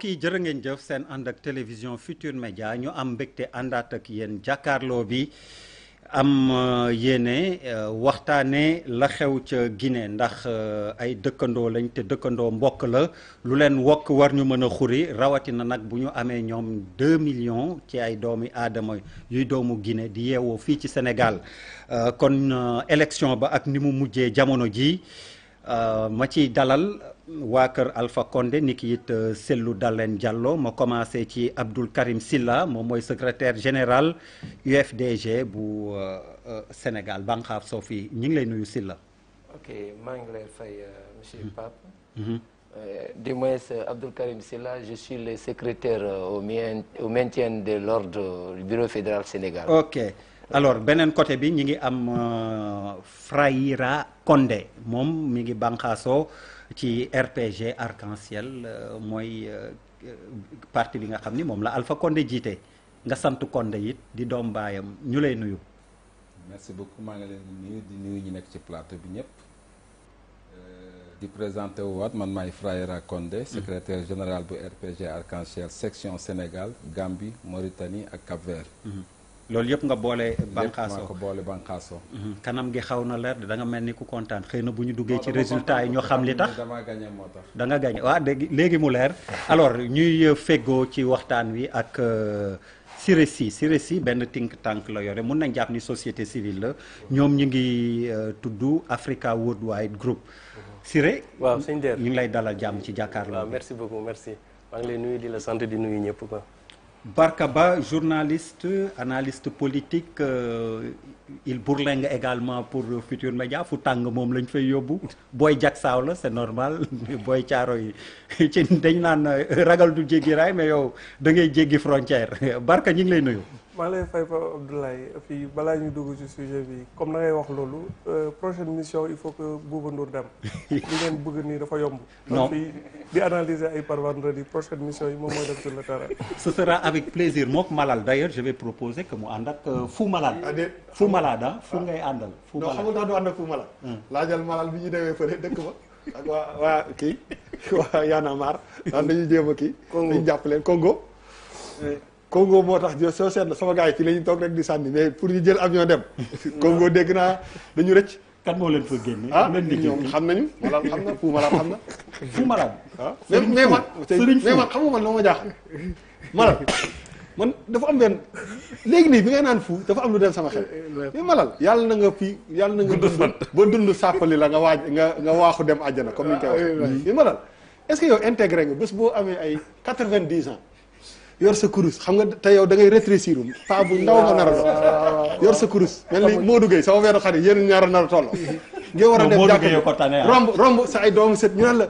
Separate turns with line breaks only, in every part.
kii jërë ngeen jëf seen ànd ak télévision Futur Média ñu am mbégte àndaatak ak jàkkaarloo bi am euh, yéene euh, waxtaane la xew ca Guinée ndax euh, ay dëkkandoo lañ te dëkkandoo mbokk la lu leen wokk war ñu mën a xuri rawatina nag bu ñu amee ñoom 2 millions ci ay doomi aadama yuy doomu Guinée di yeewoo fii ci senegal kon élection ba ak ni mu mujjee jamono ji Euh, ma ci dalal waa kër Alpha Condé ni ki it euh, Cellou Dalein Diallo ma commencé ci Abdoul Karim Silla moom mooy secrétaire général UFDG bu euh, Sénégal banxaaf soo fi ñu ngi lay nuyu Silla
ok maa ngi lay fay monsieur mm-hmm. Pape mm-hmm. du moins Abdoul Karim Silla je suis le secrétaire au au de l'ordre du bureau fédéral Sénégal ok
alors beneen côté bi ñu ngi am Frayira Condé moom mi ngi bànqaasoo ci RPG Arc-en-Ciel euh, mooy euh, parti bi nga xam ni moom la Alpha Condé jiite nga sant Condé it di doom baayam ñu lay nuyu. merci beaucoup
maa ngi leen di nuyu di ñu nekk ci plateau bi ñëpp. Euh, di présenté wu waat man maay Frayera Condé mm. secrétaire général bu RPG arc section Sénégal Gambie Mauritanie ak Cap-Vert.
Mm-hmm. loolu yëpp nga boole banqaasoo ko boole banqaasoo mhm. kanam gi xaw na leer da mel ni ku kontaan xëy na bu ñu duggee ci résultat yi ñoo xam li tax dama gagné moo tax da nga gagné waaw dégg léegi mu leer alors ñuy euh, feggoo ci waxtaan wi ak euh, CIRESI si benn think tank la yore mun nañ jàpp ni société civile la ñoom ñu ngi euh, tuddu Africa Worldwide Group Siré mhm. waaw sëñ Der ñu ngi lay dalal jàmm ci jàkkaarloo waaw merci beaucoup merci maa ngi lay nuyu di la sant di nuyu ñëpp ko Barkaba, journaliste, analyste politique, euh, il bourlingue également pour Futur Média fu tàng moom lañ fay yóbbu booy jak saaw la c'est normal booy caaro yi ci dañ naan euh, ragal du jéggi raay mais yow da ngay jéggi frontière Barka ñi ngi lay nuyu.
maa lay fay ba Abdoulaye fii balaa ñu dugg ci sujet bi comme na ngay wax loolu euh, prochaine mission il faut que Bouba Ndour dem li ngeen bëgg nii dafa yomb. no fii di analyser ay par vendredi prochaine mission yi moom moo def sur le terrain.
ce sera avec plaisir mook Malal d'ailleurs je vais proposer mu ànd ak euh, Fou Malal. Ah, Fou Malal ah Fou ngay àndal. Fou Malal non xam
nga du ànd ak Fou Malal. Hmm. laajal bi ñu demee fële dëkk ba. waa waa kii waa Yann Amar daan nañu jéem a kii. Congo jàpp leen Congo. Congo moo tax soo seet la sama gars yi ci la ñuy toog rek di sànni mais pour ñu jël avion dem. Congo dégg naa dañu rëcc. kan moo leen fa génne. ah ñoom xam nañu. Malade xam na Fou Malade xam na. Fou Malade. ah mais mais man. Serigne mais man xam nga man loo ma jaaxal. am benn léegi nii bi ngay naan Fou dafa lu dem sama xel. Eh, eh, mais Malade yàlla na nga fi yàlla na nga. dund ba dund sàppali la nga waaj nga nga waaxu dem àjjana comme ni ñu koy ah, waxee. mais Malade est-ce que yow intégré nga bés boo amee ay quatre-vingt-dix ans. yor sa kurus xam nga te yow da ngay rétrécir um pa bu ndaw nga nar a yor sa kurus mel ni Modou Gueye sama weeru xarit yéen ñaar a nar a tolloo ngeen war a dem jàpp ah. romb romb sa ay doomu set ñu naan la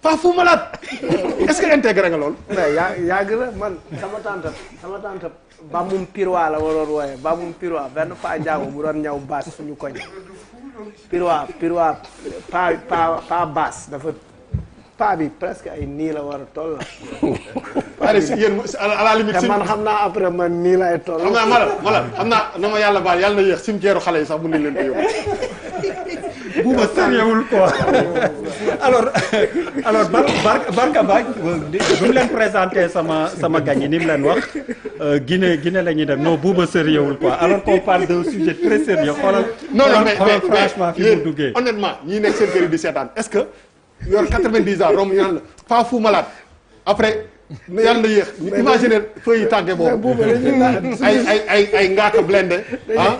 Pape Fou Malade est-ce nga loolu mais yàgg la
man sama tànta sama tànta ba mum pirwa la waroon wooye ba mum pirwa benn pa njaago bu doon ñaw baas suñu koñ pirwa pirwa pa pa baas dafa paa bi presque ay nii la war a toll.
paa la limite. te man xam naa après man nii laay toll. xam naa mala mala xam naa na ma yàlla baal yàlla na yéex
cimetière xale yi sax mën nañ leen
ko yóbbu. bu ma sériewul quoi
alors alors bar barka baaj bu ñu leen présenté sama sama gagné leen wax euh, Guinée Guinée la ñuy dem non bu ma sériewul quoi alors qu'on parle d'un sujet
très sérieux xoolal non no mais mais franchement fi mu duggee honnêtement ñii nekk seen di seetaan yor 90 ans romb ñu naan la pas fou malade après yàlla na yéex. ñu imaginer feuilles yi tàggee boobu. ay ay ay ay ngaaka blende. ah,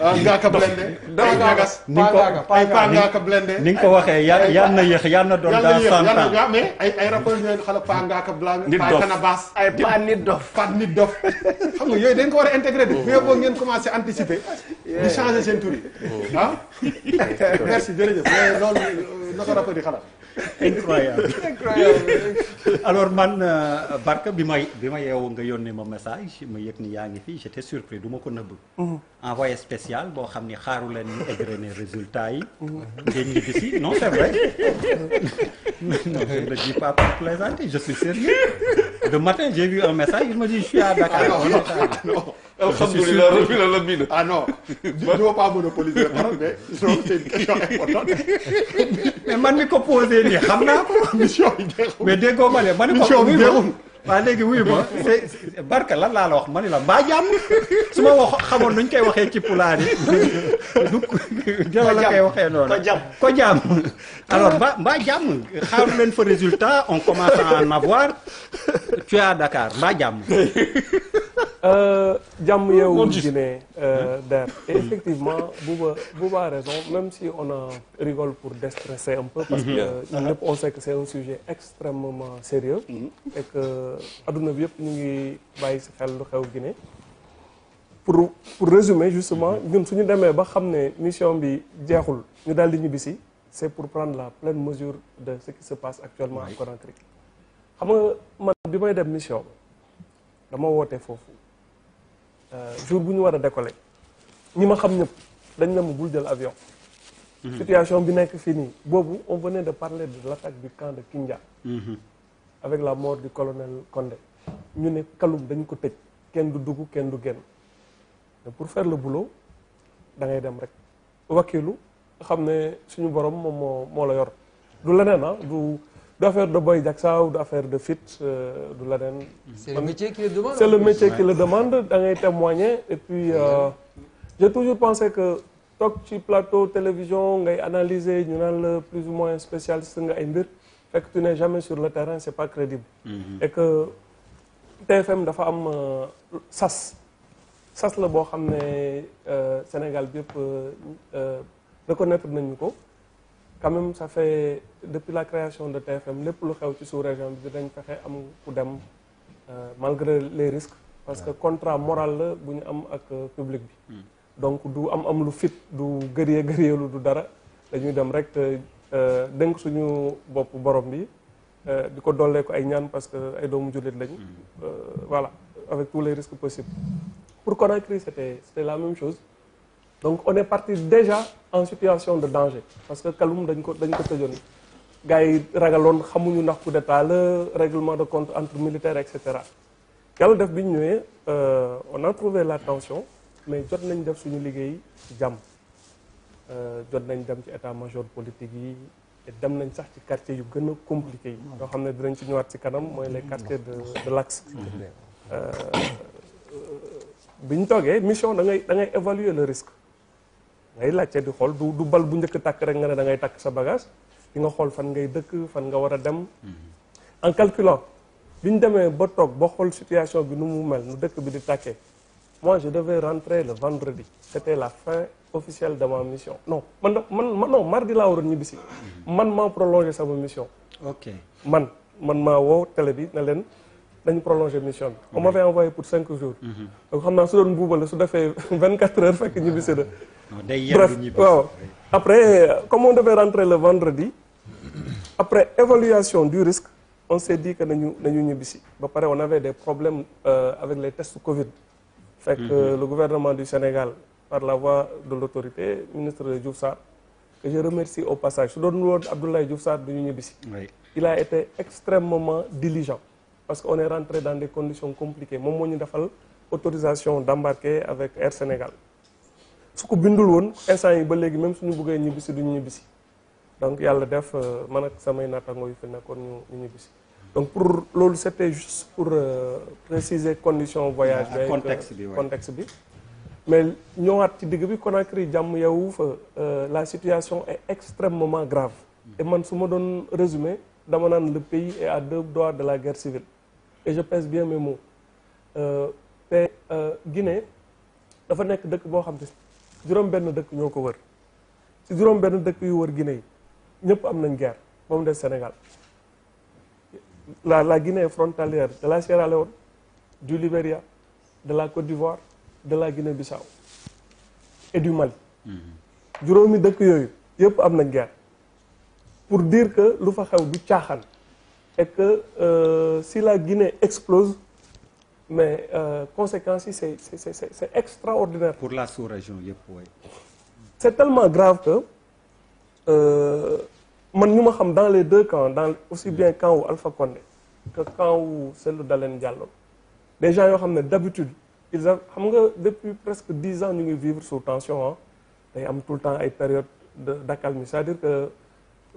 ah ngaaka blende. ay ñagas ni nga ko ay
paa ngaaka blende. ni nga ko waxee yàlla na yéex yàlla na doon dans cent ans
mais ay ay rapport ñu leen xala paa ngaaka blende. nit dof paa kanabaas. ay paa nit dof paa nit dof. xam nga yooyu dañ ko war a intégré de. mais boo ngeen commencé anticiper. di changer
seen tur yi. ah merci jërëjëf mais loolu
euh, naka rapport yi xalaat.
incroyable
incroyable
alors man euh, Barka bi ma bi ma yeewu nga yónnee ma message ma yëg ni yaa ngi fi j'étais surpris du ma ko nëbb envoyé spécial boo xam ni xaaru leen égrener résultat yi non c'est vrai ne le dis pas plaisanter je suis sérieux le matin j'ai vu un message il m'a dit
je suis à Dakar ah non alhamdulilah rabbil
alamin ah non
je ne man mi ko posé
nii xam naa ko.
mission bi jeexul mais
déggoo ko. mission bi jeexul waaw léegi wuyu ma c'est barka lan laa la wax ma ne la mbaa jàmm su ma wax xamoon nuñ koy waxee ci pulaar yi du waxee noonu ko jàmm alors mbaa mbaa leen fa résultat on commence en avoir tu es à Dakar
Euh, jàmm euh, yeewul Guinée euh, hmm? der et effectivement Bouba Bouba a raison même si on en rigole pour déstresser un peu parce hmm. que ñëpp on sait que c'est un sujet extrêmement sérieux hmm. et adduna bi yëpp ñu ngi bàyyi si xel lu xew Guinée pour pour résumer justement ñun suñu demee ba xam ne mission bi jeexul ñu daal di ñibbisi c'est pour prendre la pleine mesure de ce qui se passe actuellement en Conakry xam nga man bi may dem mission dama woote foofu Euh, jour bu ñu war a décoller ñi ma xam ñëpp dañ la mu bul jël avion. Mhm. situation bi nekk fii nii boobu on venait de parler de l' attaque du camp de Kindia. Mhm. avec la mort du colonel Condé ñu ne Kaloum dañ ko tëj kenn du dugg kenn du génn pour faire le boulot da dem rek wakilu xam ne suñu borom moom moo moo la yor du leneen ah du. du affaire de Boy Jacksa ou du affaire de fit euh, du la c'est le métier
qui le c'est le métier qui le
demande da ngay témoigner et puis euh, j'ai toujours pensé que toog ci plateau télévision ngay analyser ñu naan la plus ou moins spécialiste nga ay mbir fekk tu n'es jamais sur le terrain c'est pas crédible. Mm-hmm. et que TFM dafa am euh, sas sas la boo xam ne Sénégal bi yëpp reconnaître nañu ko. quand même ça fait depuis la création de TFM lépp lu xew ci sous-région bi dañ fexe am ku dem euh, malgré les risques parce que contrat moral la bu ñu am ak euh, public bi hmm. donc du am am lu fit du gëriyee lu du dara dañuy dem rek te euh, dénk suñu bopp borom bi di ko dollee ko ay ñaan parce que ay doomu jullit lañ hmm. voilà avec tous les risques possibles pour Conakry c'était la même chose donc on est parti déjà en situation de danger parce que Kaloum dañ ko dañ ko tëjoon gars yi ragaloon xamuñu ndax coup d'état la règlement de compte entre militaires et cetera yàlla def bi ñu ñëwee euh, on a trouvé la tension mais jot nañ def suñu liggéey ci jàmm euh, jot nañ dem ci état major politique yi dem nañ sax ci quartier yu gën a compliqué yi yoo xam ne dinañ ci ñëwaat ci kanam mooy les quartiers de lax l'axe euh, bi ñu toogee mission dangay ngay da ngay évaluer le risque ngay laajte di xool du du bal bu njëkk tàkk rek nga ne da ngay takk sa bagage di nga xool fan ngay dëkk fan nga war a dem mhm. en calculant bi ñu demee ba toog ba xool situation bi nu mu mel nu dëkk bi di tàkkee moi je devais rentrer le vendredi c'était la fin officielle de ma mission non man man non mardi laa war waroon ñibbisi mhm. man maa prolongé sama mission ok man man maa woo tele bi ne leen dañu prolongé mission bi. on envoyé pour cinq jours. Mhm. donc xam naa su doon buuba la su defee vingt quatre heures fekk ñibbisi na.
day bref waaw
après comme on devait rentrer le vendredi. après évaluation du risque on s'est dit que nañu nañu ñibbisi ba pare on avait des problèmes euh, avec les tests Covid. fekk mhm. euh, le gouvernement du Sénégal par la voix de l'autorité ministre Diouf Sarr que je remercie au passage su doon woon Abdoulaye Diouf Sarr du ñu ñibbisi. il a été extrêmement diligent. parce qu'on est rentré dans des conditions compliquées moom moo ñu defal autorisation d'embarquer avec Air Sénégal su ko bindul woon instant yi ba léegi même suñu bëggee ñibbisi duñu ñibbisi donc yàlla def euh, man ak samay naataango yu fi nekkoon ñu ñu ñibbisi donc pour loolu c'était juste pour euh, préciser condition voyage ah, bi euh, contexte bi bi mais ñëwaat ci digg bi Conakry jàmm yow fa euh, la situation est extrêmement grave et man su ma doon résumer dama naan le pays est à de la guerre et bien mes mots te euh, euh, Guinée dafa nekk dëkk boo xam ne juróom-benn dëkk ñoo ko wër si juróom-benn dëkk yu wër Guinée yi ñëpp am nañ guerre ba mu des Sénégal la la Guinée frontalière de la Sierra Leone du Libéria de la Côte d'Ivoire de la Guinée-Bissau et du Mali. Mm-hmm. juróomi dëkk yooyu yëpp am nañ guerre pour dire que lu fa xew du caaxaan. et que euh, si la Guinée explose mais euh, conséquences yi c'est c'est c'est c'est extraordinaire. pour la sous-région yëpp oui. c'est tellement grave que euh, man ñu ma xam dans les deux camps dans aussi mm. bien camp wu Alpha Condé que camp wu Cellou Dalein Diallo des yoo xam ne d'habitude ils a xam nga depuis presque dix ans ñu ngi vivre sous tension ah day am tout le temps ay période de d'accalmie c'est-à-dire que.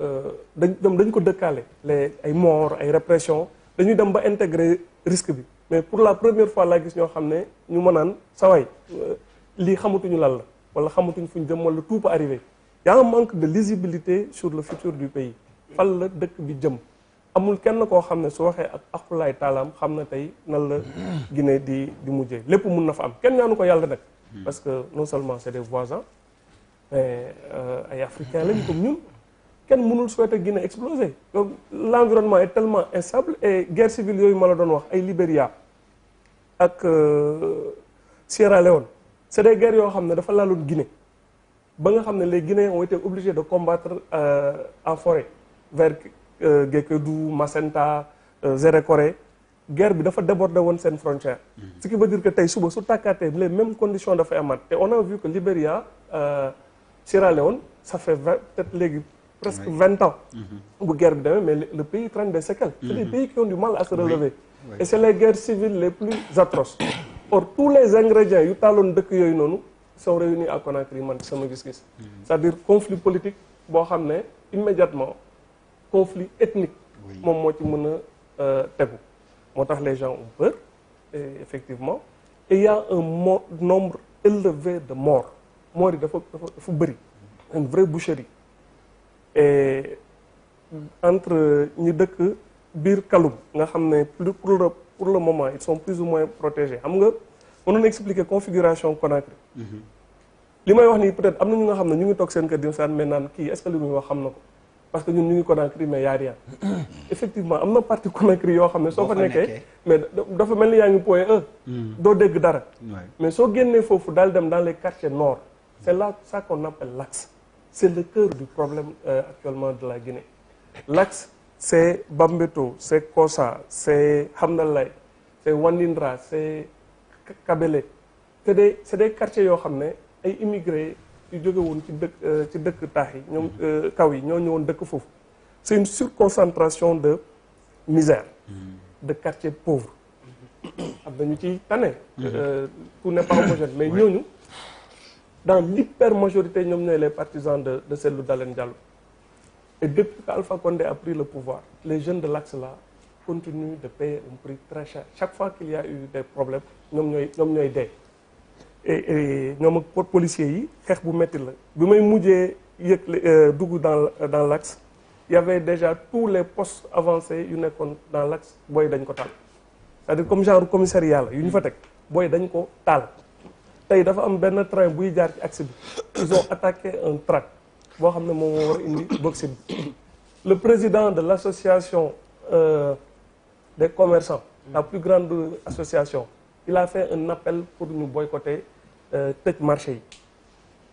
Euh, dañ dem dañ ko dëkkaale les ay morts ay répression dañuy dem ba intégrer risque bi mais pour la première fois laa gis ñoo xam ne ñu mënaan saway euh, lii xamatuñu lan la wala fu ñu jëm walla tout peut arriver y manque de lisibilité sur le futur du pays fan la dëkk bi jëm amul kenn koo xam ne su waxee ak akulaay taalaam xam na tey nan la Guinée di di mujjee lépp mun na fa am kenn ñaanu ko yàlla nag parce que non seulement c'est des voisins mais euh, ay africains kenn mënul souhaiter Guinée exploser donc et environnement est tellement instable et guerre civile yooyu ma la doon wax ay Libéria ak euh, Sierra Leone c' est des guerres yoo xam ne dafa laaloon Guinée ba nga xam ne les Guinéens ont été obligés de combattre euh, en forêt vers euh, Gékédou Macenta coré guerre bi dafa déborder woon seen frontière mhm. ce qui veut dire que tey suba su tàkkaatee le mêmes conditions dafay amaat te on a vu que Libéria Sierra Leone ça fait vingt peut léegi presque vingt ans mhm. bu guerre bi demee mais le pays traîne des séquelles c'est des mhm. pays qui ont du mal à se et c'est les guerres civiles les plus atroces or tous les ingrédients yu taaloon dëkk yooyu noonu sont réunis à Conakry man sama gis-gis mhm. c'est-à-dire conflit politique boo xam ne immédiatement conflit ethnique moom moo ci mën a euh, tegu moo tax les gens ont peur et effectivement et il y a un nombre élevé de morts moor yi dafa dafa dafa bëri une vraie boucherie Euh, entre ñi dëkk biir Kaloum nga xam ne plus pour le pour le moment ils sont plus ou moins protégés xam nga mënoon expliquer configuration Conakry. Mhm. li may wax nii peut-être am na ñu nga xam ne ñu ngi toog seen kër di saan mais naan kii est-ce que li muy wax xam na ko parce que ñun ñu ngi Conakry mais y a effectivement am na partie Conakry yoo xam ne soo fa nekkee mais dafa mel ni yaa ngi point e. mm. doo dégg dara mais soo génnee foofu daal dem daal les quartiers nord c'est là ça qu'on appelle c'est le cœur du problème euh, actuellement de la Guinée l'axe c'est Bambeto c'est Kossa c'est Hamdalay c'est Wandindra c'est Kabele c'est des c'est des quartiers yoo xam ne ay immigrés yu jóge woon ci dëkk euh, ci dëkk taax yi ñoom mm-hmm. euh, kaw yi ñoo ñëwoon dëkk foofu c'est une concentration de misère mm-hmm. de quartiers pauvres mm-hmm. am nañu ci tane euh, tout n'est pas mais ñooñu dans l'hyper majorité ñoom ñooy les partisans de de Cellou Dalein Diallo et depuis qu'Alpha Condé a pris le pouvoir les jeunes de laks là continue de payer un prix très cher chaque fois qu'il y eu des problèmes ñoom ñooy ñoom ñooy dee et ñoom ak policiers yi xeex bu métti la bi may mujjee yëg euh, dugg dans dans l'axe y avait déjà tous les postes avancés yu nekkoon dans l'axe booy dañ ko taal c'est-à-dire comme genre commissariat la yu ñu fa teg booy dañ ko taal tey dafa am benn train buy jaar ci axe bi ils ont attaqué un track boo xam ne moom moo war indi boxe le président de l'association euh, des commerçants la plus grande association il a fait un appel pour ñu boycotter euh, tëj marché yi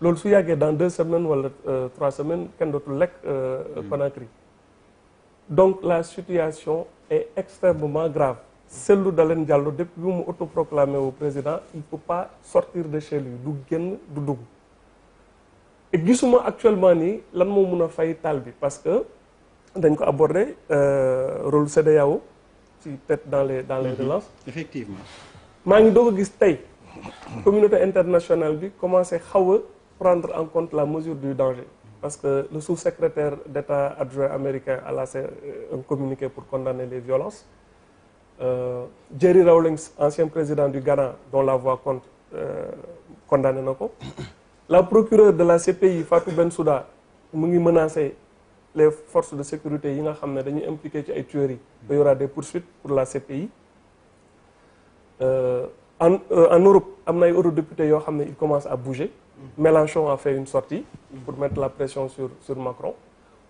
loolu su yàggee dans deux semaines wala euh, trois semaines kenn dootul lekk euh, mm. Conakry donc la situation est extrêmement grave Cellou Dalein Diallo depuis bi mu autoproclamé wu président il peut pas sortir de chez lui du génn du dugg et gisuma actuellement nii lan moo mun a fay taal bi parce que dañ ko abordé euh, rôle CEDEAO ci peut dans les dans les mhm. relances effectivement maa ngi doog ko gis tey communauté internationale bi commencé xaw a prendre en compte la mesure du danger parce que le sous-secrétaire d'État adjoint américain a lancé euh, un communiqué pour condamner les violences Euh, Jerry Rawlings ancien président du Ghana dont la voix compte euh, condamné na ko la procureure de la CPI Fatou souda mu ngi menacé les forces de sécurité yi nga xam ne dañuy impliqué ci ay tueries il y aura des pour la CPI euh, en euh, Europe am na ay eurodéputés yoo xam ne ils commencent à bouger Mélenchon a fait une sortie pour mettre la pression sur sur Macron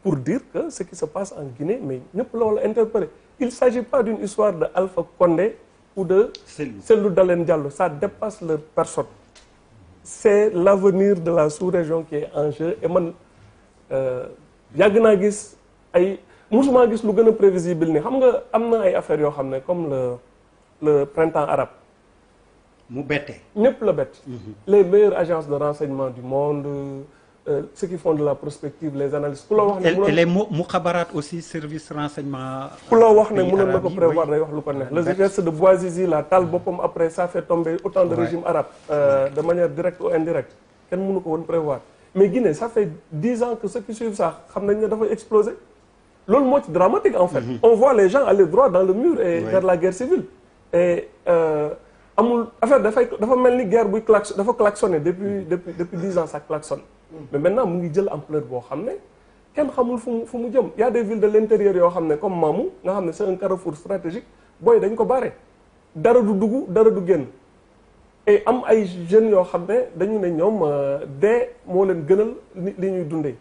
pour dire que ce qui se passe en Guinée mais ñëpp la wala interpellé il s'agit pas d'une histoire de Alpha Condé ou de Cellou Dalein Diallo ça dépasse leur personne c'est l'avenir de la sous-région qui est en jeu et man euh, yàgg naa gis ay musuma gis lu gën a prévisible ni xam nga am na ay affaire yoo xam ne comme le le printemps arabe mu bette ñëpp la bett mhm. les meilleures agences de renseignement du monde Euh, ceux qui font de la prospective les analystes ku la wax ne et
mu xabaraat aussi service renseignement. ku la wax ne mënoon na ko prévoir day wax lu ko neex. Ah, le
geste de Bouazizi la taal boppam après ça fait tomber autant de régimes arabes. Euh, de manière directe ou indirecte kenn mënu ko woon prévoir mais Guinée ça fait dix ans que ceux qui suivent ça xam nañ ne dafay exploser loolu moo ci dramatique en fait. Mm -hmm. on les gens aller droit dans le mur. et vers oui. la guerre civile. Euh, dafa mel ni guerre buy klax dafa klaxonné depuis depuis depuis dix ans ça klaxonne. mais maintenant mu ngi jël ampleur boo xam ne kenn xamul fu mu fu mu jëm y a des villes de l'intérieur yoo xam ne comme Mamou nga xam ne c'est un carrefour stratégique booy dañ ko bare dara du dugg dara du génn et am ay jeunes yoo xam ne dañu ne ñoom euh, dee moo leen gënal li ñuy dundee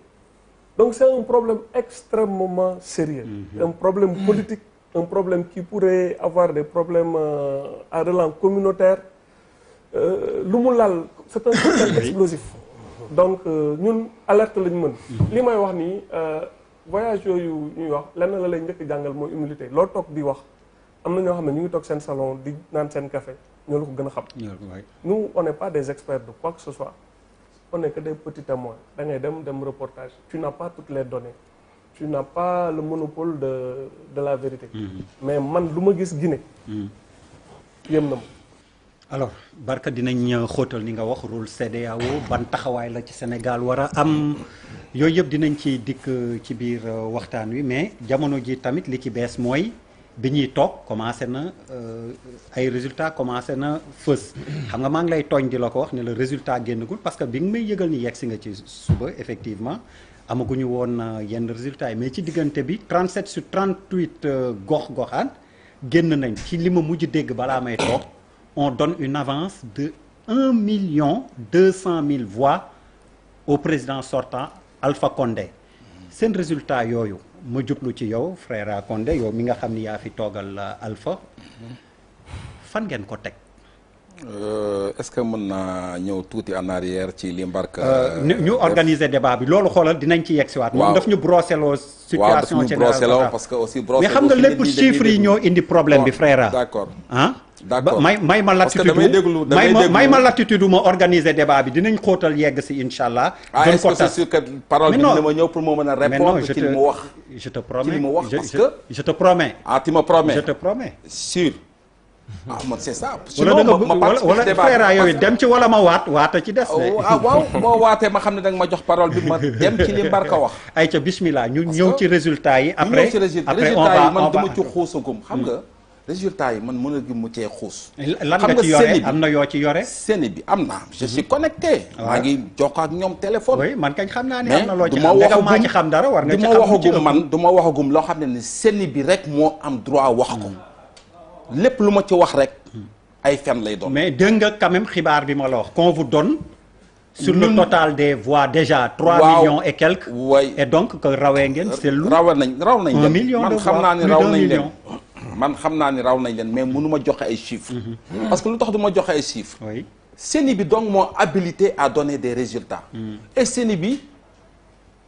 donc c'est un problème extrêmement sérieux mm-hmm. un problème politique un problème qui pourrait avoir des problèmes euh, à relance communautaire euh, lu mu laal c'est un problème explosif donc euh, ñun alerte lañ mën. Mhm. li may wax nii euh, voyage yooyu ñuy wax lenn la lay njëkk jàngal mooy humilité loo toog di wax am na ñoo xam ne ñu ngi toog seen salon di naan seen café ñoo la ko gën a xam. nous on n'est pas des experts de quoi que ce soit on n'est que des petits témoins da ngay dem dem reportage tu na pas toutes les données tu n'as pas le monopole de de la vérité. Mhm. mais man lu ma gis Guinée. Mhm. yem na
ma. alors Barka dinañ euh, xóotal ni nga wax rôle CEDEAO ban taxawaay la ci Sénégal war a am yooyu yëpp dinañ ci dikk euh, ci biir euh, waxtaan wi mais jamono ji tamit li ci bees mooy bi ñuy toog commencé na ay résultats commencé na fës xam nga maa ngi lay tooñ di la ko wax ne la résultat génnagul parce que bi nga may yëgal ni yegg si nga ci suba effectivement amaguñu woon yenn résultats yi mais ci diggante bi 37 sur 38 gox goxaan génn nañ ci li ma mujj dégg balaa may toog. on donne une avance de un million deux cent mille voix au président sortant Alpha Condé seen résultat yooyu ma jublu ci yow frère Condé yow mi nga xam ni yaa fi toogal euh, Alpha fan ngeen ko teg.
Euh, est-ce que mën naa ñëw tuuti en arrière ci li Mbarka. Euh, ñu organiser
débat bi loolu xoolal dinañ ci yegg si waat. moom daf ñu brosseloo. situation générale waaw daf
ñu mais xam nga lépp chiffres yi
ñoo indi problème bi frère.
d'accord may may ma latitude may ma
latitude ma organiser débat bi dinañ xóotal yegg si incha allah. Ah, doon ko tas ah est-ce que parole bi dina ma ñëw pour ma mën a répondre ci li mu wax je te promets ci li mu
wax parce que je te promets ah tu me promets je te promets sûr ah man c'est ça.
sinon ma ma wala feera yooyu dem ci wala ma waat waata ci des. Oh, ah waaw boo waatee ma xam ne danga ma jox parole bi ma dem ci li Mbarka wax. ayca bismillah ñu ñëw ci résultat yi. après après on va on va ñu ñëw ci résultat yi man dama ci
xuusagum xam nga. Hmm. résultat yi man mën a gum mu cee xuus. lan nga ci yore am na yoo ci yore. Séné bi am na je suis connecté. Ah. maa ngi jokkoo ak ñoom téléphone. oui man kañ xam naa ne am na loo ci xam mais maa ci xam dara war nga ci xam du ma man du ma waxagum loo xam ne ni Séné bi rek moo am droit wax ko. lépp lu ma ci wax rek.
ay fen lay doon. mais dégg nga quand xibaar bi ma la wax. qu'on vous donne. sur le total des voix déjà. trois millions et quelques. et donc que rawee ngeen. c'est lu raw nañ raw nañ. un
million de voix plus d'un million. man xam naa ni raw nañ leen mais mënu ma joxe ay chiffres. Mhm. parce que lu tax du ma joxe ay chiffres. oui bi donc moo habilité à donner des résultats. Mhm. et CENI bi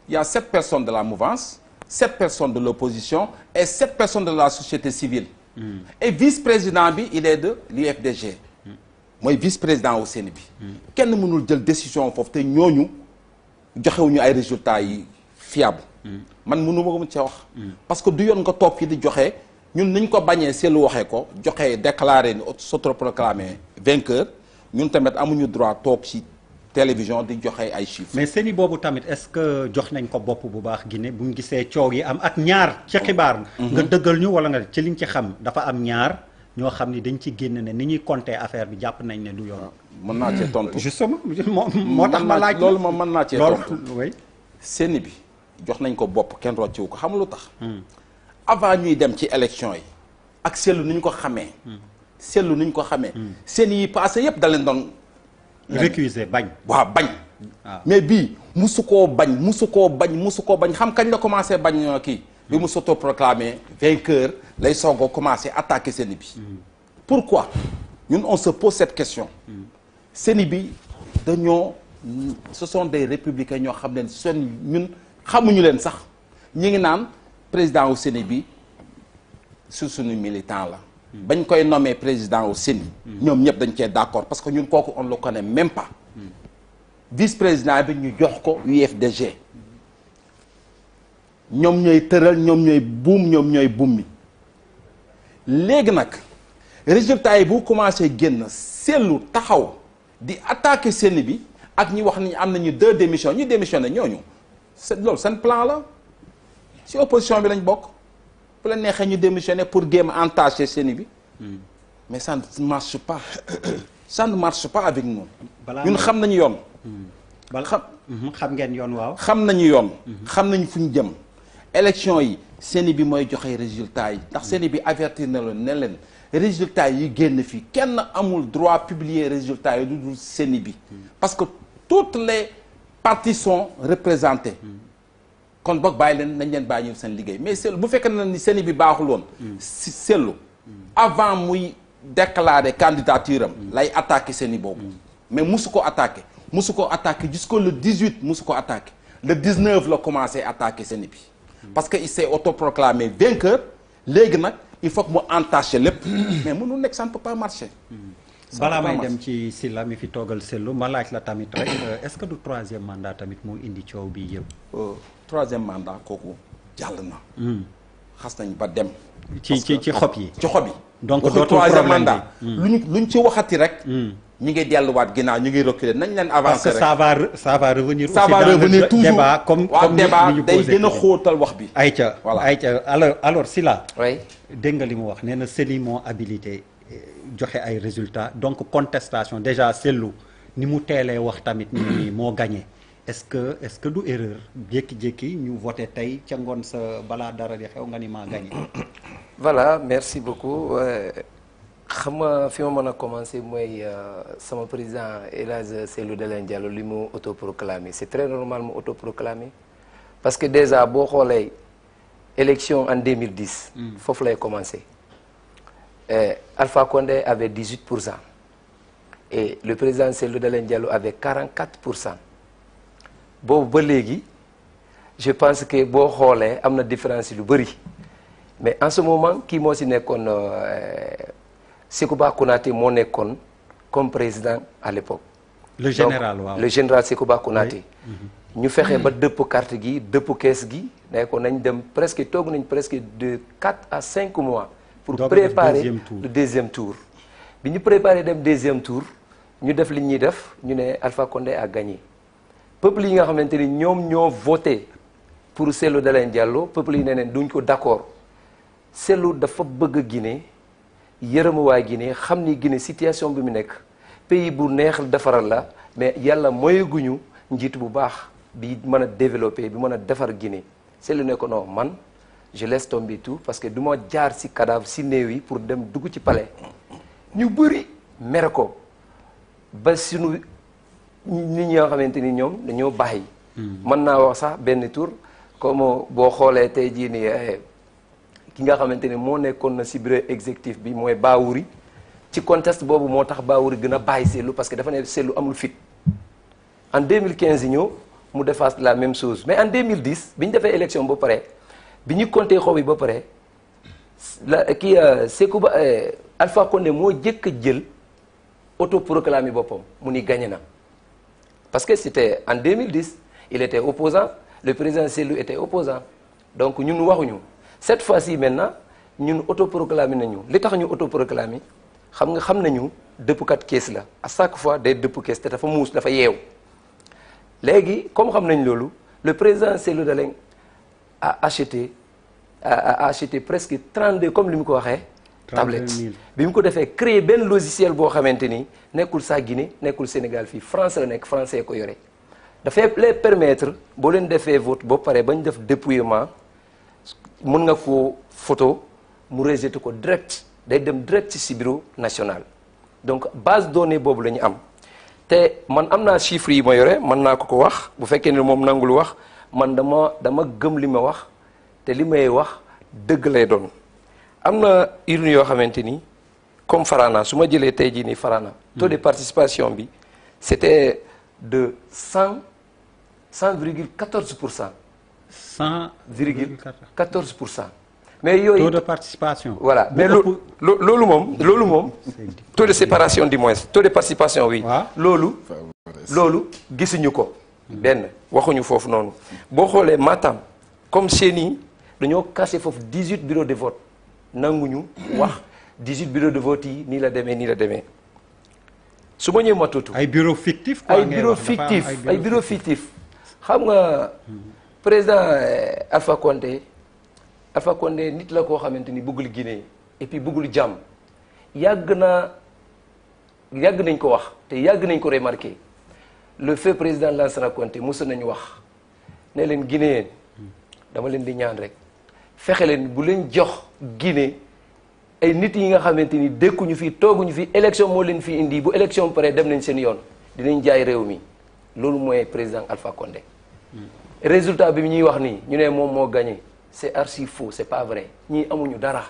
y a sept personnes de la mouvance sept personnes de l'opposition et sept personnes de la société civile. Mhm. et vice-président bi il est de l'UFDG. mooy vice-président au CENI bi. kenn mënul jël décision foofu te ñooñu joxewuñu ay résultat yi fiable man mënu ma ko cee wax. parce que du yoon nga toog fii di joxe. ñun niñ ko bañee seetlu waxee ko joxe déclaré ni s'autoproclamé vainqueur ñun tamit amuñu droit toog ci télévision di joxe ay chiffres.
mais seeni boobu tamit est-ce que jox nañ ko bopp bu baax Guinée bu ñu gisee coow yi am ak ñaar ci xibaar. Mhm. nga dëggal ñu wala nga ci liñ ci xam dafa am ñaar ñoo xam ni dañ ci génn ne ni ñuy compter affaire bi jàpp nañ ne du yoon. Ah, mën naa cee hmm. tontu justement moo tax ma laaj loolu moom mën naa cee tontu.
loolu oui. bi jox nañ ko bopp kenn roccewu ko xam lu tax. Hmm. avant ñuy dem ci élection yi ak seetlu ni ñu ko xamee. seetlu ni ñu ko xamee. Hmm. seen yi passé yëpp da leen doon. récuser bañ. waaw bañ. Ah. mais bi musu koo bañ musu koo bañ musu koo bañ xam kañ la commencé bañ euh, kii. bi mu s'autoproclamé vainqueur lay soog a commencé attaquer seen bi. Hmm. pourquoi ñun on se pose cette question. Hmm. seen bi dañoo ce sont des républicains ñoo xam ne seen ñun xamuñu leen sax ñi ngi naan. président au Séné bi su suñu militant la bañ koy nommee président au Séné ñoom ñëpp dañ cee d'accord parce que ñun kooku on le connaît même pas vice président bi ñu jox ko UFDG ñoom ñooy tëral ñoom ñooy buum ñoom ñooy buum mi léegi nag résultat yi bu commencé génn seetlu taxaw di attaquer Séné bi ak ñi wax ni am nañu deux démissions ñu démissionné ñooñu c'est loolu seen plan la si opposition bi lañu bokk bu la neexee ñu démissionner pour géem a entacher bi hmm. mais ça ne marche pas ça ne marche pas avec nous. ñun xam nañu yoon. Hmm. bala hmm. xam ngeen yoon waaw. xam nañu yoon. xam nañu fu ñu jëm. élection yi seen bi mooy joxe résultat yi ndax seen bi avertir na leen ne leen résultat yi génn fii kenn amul droit publier résultat yi lu dul seen bi parce que toutes les parties sont représentées. kon boog bàyyi leen nañ leen bàyyi ñu seen liggéey mais seetlu bu fekkee ne ni seni bi baaxul woon. si seetlu avant muy déclarer candidature am. lay attaqué seni boobu. mais musu ko attaqué musu ko attaqué jusqu'au le 18 musu ko attaqué le 19 la commencé attaqué seni bi. parce que il s'est autoproclamé
vainqueur léegi nag il faut que mu entaché lépp mais mënul nekk ça ne peut pas marcher. balaa may dem ci Silla mi fi toogal seetlu ma laaj la tamit rek euh, est-ce que du troisième mandat tamit moo indi coow bi yëpp. Euh, troisième mandat kooku jàll na.
Hmm. xas nañ ba dem. ci ci ci xob yi. ci xob yi. donc dootul troisième mandat. Hmm. luñ luñ ci waxati rek. Hmm. ñu ngi delluwaat ginnaaw ñu ngi reculer nañ leen avancer rek parce que ça va
ça va revenir ça va revenir toujours débat comme comme débat day a xóotal wax bi. ayca voilà ayca alors alors Sylla. dégg nga li mu wax nee na CENI moo habilité eh, joxe ay résultat donc contestation déjà sellu ni mu teelee wax tamit moo gagné. est-ce que est-ce que du erreur jékki-jékki ñu voté tey ca ngoon sa balaa dara di xew nga ni maa gagné.
voilà merci beaucoup euh, xam nga fi ma mën a commencé mooy euh, sama président El Hadj Cellou Dalein Diallo li mu autoproclamé c'est très normal mu autoproclamé parce que déjà boo xoolee élection en 2010. Hmm. foofu lay commencé. Euh, Alpha Condé avait 18 pour cent et lu président Cellou Dalein Diallo avait 44 pour cent. boobu ba léegi je pense que boo xoolee am na différence lu bëri mais en ce moment kii moo si nekkoon euh, Sékouba Konaté moo nekkoon comme président à l'époque le général waaw le général Sékouba Konaté mm-hmm. ñu fexe ba mm-hmm. dëpp carte gi dëpp kees gi ne ko nañ dem presque toog nañ presque de quatre à cinq mois pour préparer le deuxième tour bi ñu préparer dem deuxième tour ñu def li ñuy def ñu ne Alpha Condé a gagné peuple yi nga xamante ni ñoom ñoo voté pour Cellou Dalein jàlloo peuple yi ne ne duñ ko d'accord Cellou dafa bëgg Guinée yërëm waa Guinée xam ni Guinée situation bi mu nekk pays bu neex defaral la mais yàlla moyaguñu njiit bu baax bi mën a développer bi mën a defar Guinée Cellou ne ko non man je laisse tomber tout parce que du ma jaar si cadavre si néew yi pour dem dugg ci palais ñu bëri mere ko ba suñu nit ñi nga xamante ni ñoom dañoo bàyyi. Hmm. mën naa wax sax benn tour comme boo xoolee tey jii nii eh, ki nga xamante ni moo nekkoon na si bureau exécutif bi mooy Baawuri ci contexte boobu moo tax Baawuri gën a bàyyi seetlu parce que dafa ne seetlu amul fit en mille quinze 2015 ñëw mu defaat la même chose mais en 2010 bi ñu defee élection ba pare bi ñu compté xob yi ba pare la kii euh, Sékouba euh, Alpha Condé moo jëkk a jël autoproclamé boppam mu ni gagné na. Parce que c'était en 2010, il était opposant, le président Cellou était opposant. Donc ñun waxuñu cette fois-ci maintenant ñun autoproclamé nañu li tax ñu autoproclamé xam nga xam nañu dëppkat kees la à chaque fois day dëpp kees te dafa muus dafa yeew léegi comme xam nañ loolu le président Cellou Dalein a acheté a acheté presque 32 comme li mu ko waxee tablette bi mu ko defee créer benn logiciel boo xamante ni nekkul sax Guinée nekkul Sénégal fii France la nekk français ko yore dafay les permettre boo leen defee vote ba pare ba ñu def dépouillement mën nga koo photo mu rejeté ko direct day dem direct ci bureau national donc base donnée boobu la ñu am te man am naa chiffres yi ma yore mën naa ko ko wax bu fekkee ne moom nangul wax man dama dama gëm li ma wax te li may wax dëgg lay doon am na urnes yoo xamante ni comme Farana su ma jëlee tey jii nii Farana. taux mm. participation bi c' était de cent cent virgule pour cent. cent virgule quatorze pour cent. mais yooyu taux de participation. voilà mais loo loolu moom. loolu moom taux de séparation du moins taux de participation oui. loolu. loolu gisuñu ko. Mm. benn waxuñu foofu noonu. boo xoolee Matam comme Séni dañoo casser foofu dix huit bureaux de vote. nanguñu wax 18 bureau de vote yi nii la demee nii la demee su ma ñëwee matutu. ay bureau fictif ay bureau fictif ay bureau fictif xam nga président eh, Alpha Condé Alpha Condé nit la koo xamante ni buggul Guinée et puis bëggul jàmm yàgg na yàgg nañ ko wax te yàgg nañ ko remarqué le fait président Lansana Conté mos nañu wax ne leen Guinéen dama leen di ñaan rek. fexe leen bu leen jox Guinée ay nit yi nga xamante ni dëkkuñu fi tooguñu fi élection moo leen fi indi bu élection pare dem nañ seen yoon dinañ jaay réew mi loolu mooy président Alpha Condé. Hmm. résultat bi ñuy wax nii ñu ne moom moo gagné c' est archi faux est pas vrai ñii amuñu dara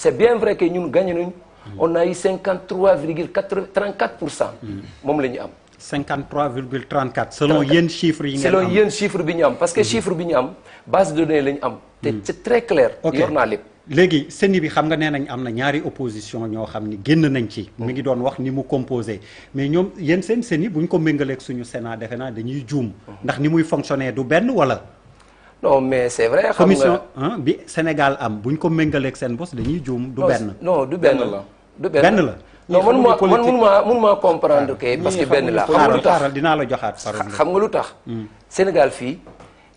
c' est bien vrai que ñun gagné nuñ hmm. on a eu cinquante trois virgule quatre trente quatre pour cent. Hmm. moom la ñu am. 53 virgule 34 selon yenn chiffre yi ngeen am selon yenn chiffre bi ñu am parce que mmh. chiffre bi ñu am base de données la am. te mmh. c'est très
clair. yor naa lépp. léegi CENI bi xam nga nee nañ am na ñaari opposition ñoo xam ni génn nañ ci. mu mmh. ngi doon wax ni mu composé mais ñoom yéen seen CENI bu ñu ko méngaleeg suñu Sénat defe naa dañuy juum. ndax ni muy fonctionner du benn wala.
non mais c'est vrai. xam nga
bi Sénégal am bu ñu ko méngaleeg seen bos dañuy juum. du benn
non du benn la du benn la. non man maa man mun maa mun maa comprendre ah. que parce que benn la xam nga lu tax dinaa la joxaat xam nga lu tax hmm. Sénégal fii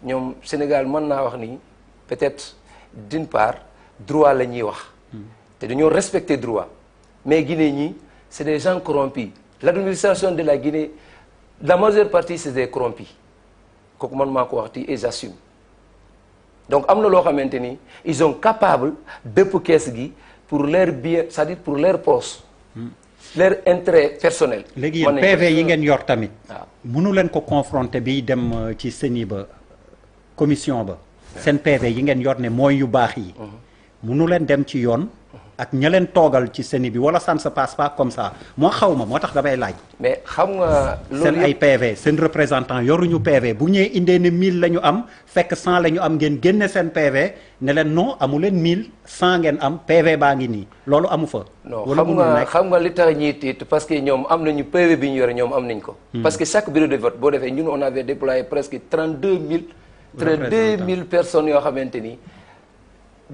ñoom Sénégal mën naa wax ni peut-être d'une part droit la ñuy wax hmm. te dañoo respecter droit mais Guinée ñi c'est des gens corrompus l'administration de la Guinée la majeure partie c'est des corrompus kooku man maa ko wax ti et j'assume donc am na loo xamante ni ils sont capables dëpp kees gi pour leur bien cest dire pour leur poche leur intérêt personnel. léegi yéen PV yi
ngeen yor tamit. waaw ah. mënu leen ko confronter biy dem euh, ci CENI ba commission ba. seen PV yi ngeen yor ne mooy yu baax yi. mënu mhm. leen dem ci yoon. ak ña leen toogal ci seni bi wala ça ne se passe pas comme ça moo xaw ma moo tax damay laaj.
mais xam nga. loolu seen ay
PV seen représentant yoru ñu PV bu ñëwee indee ne 1000 la ñu am fekk 100 la ñu am ngeen génne seen PV ne leen non amu leen 1000 100 ngeen am PV baa ngi nii loolu amu fa. wala xam nga
xam nga li tax ñuy tiit parce que ñoom am nañu PV bi ñu yore ñoom am nañ ko. Hmm. parce que chaque bureau de vote boo defee ñun on avait déployé presque 32000. 32000 personnes yoo xamante ni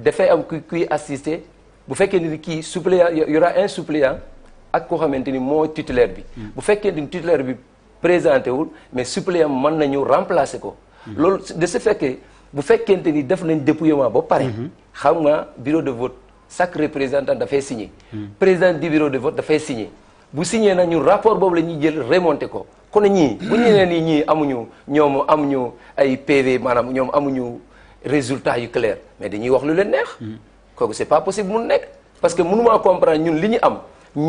dafay am kuy kuy bu fekkee ni kii suppléant y aura un suppléant ak koo xamante ni moo titulaire bi. bu fekkee ni titulaire bi présenté wul mais suppléant mën nañu remplacer ko. loolu de ce fait bu fekkente ni def nañ dépouillement ba pare. xam nga bureau de vote chaque représentant dafay signer. président du bureau de vote dafay signer. bu signé nañu rapport boobu la ñuy jël remonté ko kon ñii bu ñu nii ñii amuñu ñoom amuñu ay PV maanaam ñoom amuñu résultat yu clair mais dañuy wax lu leen neex. kooku c'est pas possible mun nekk parce que mënumaa comprendre ñun li ñu am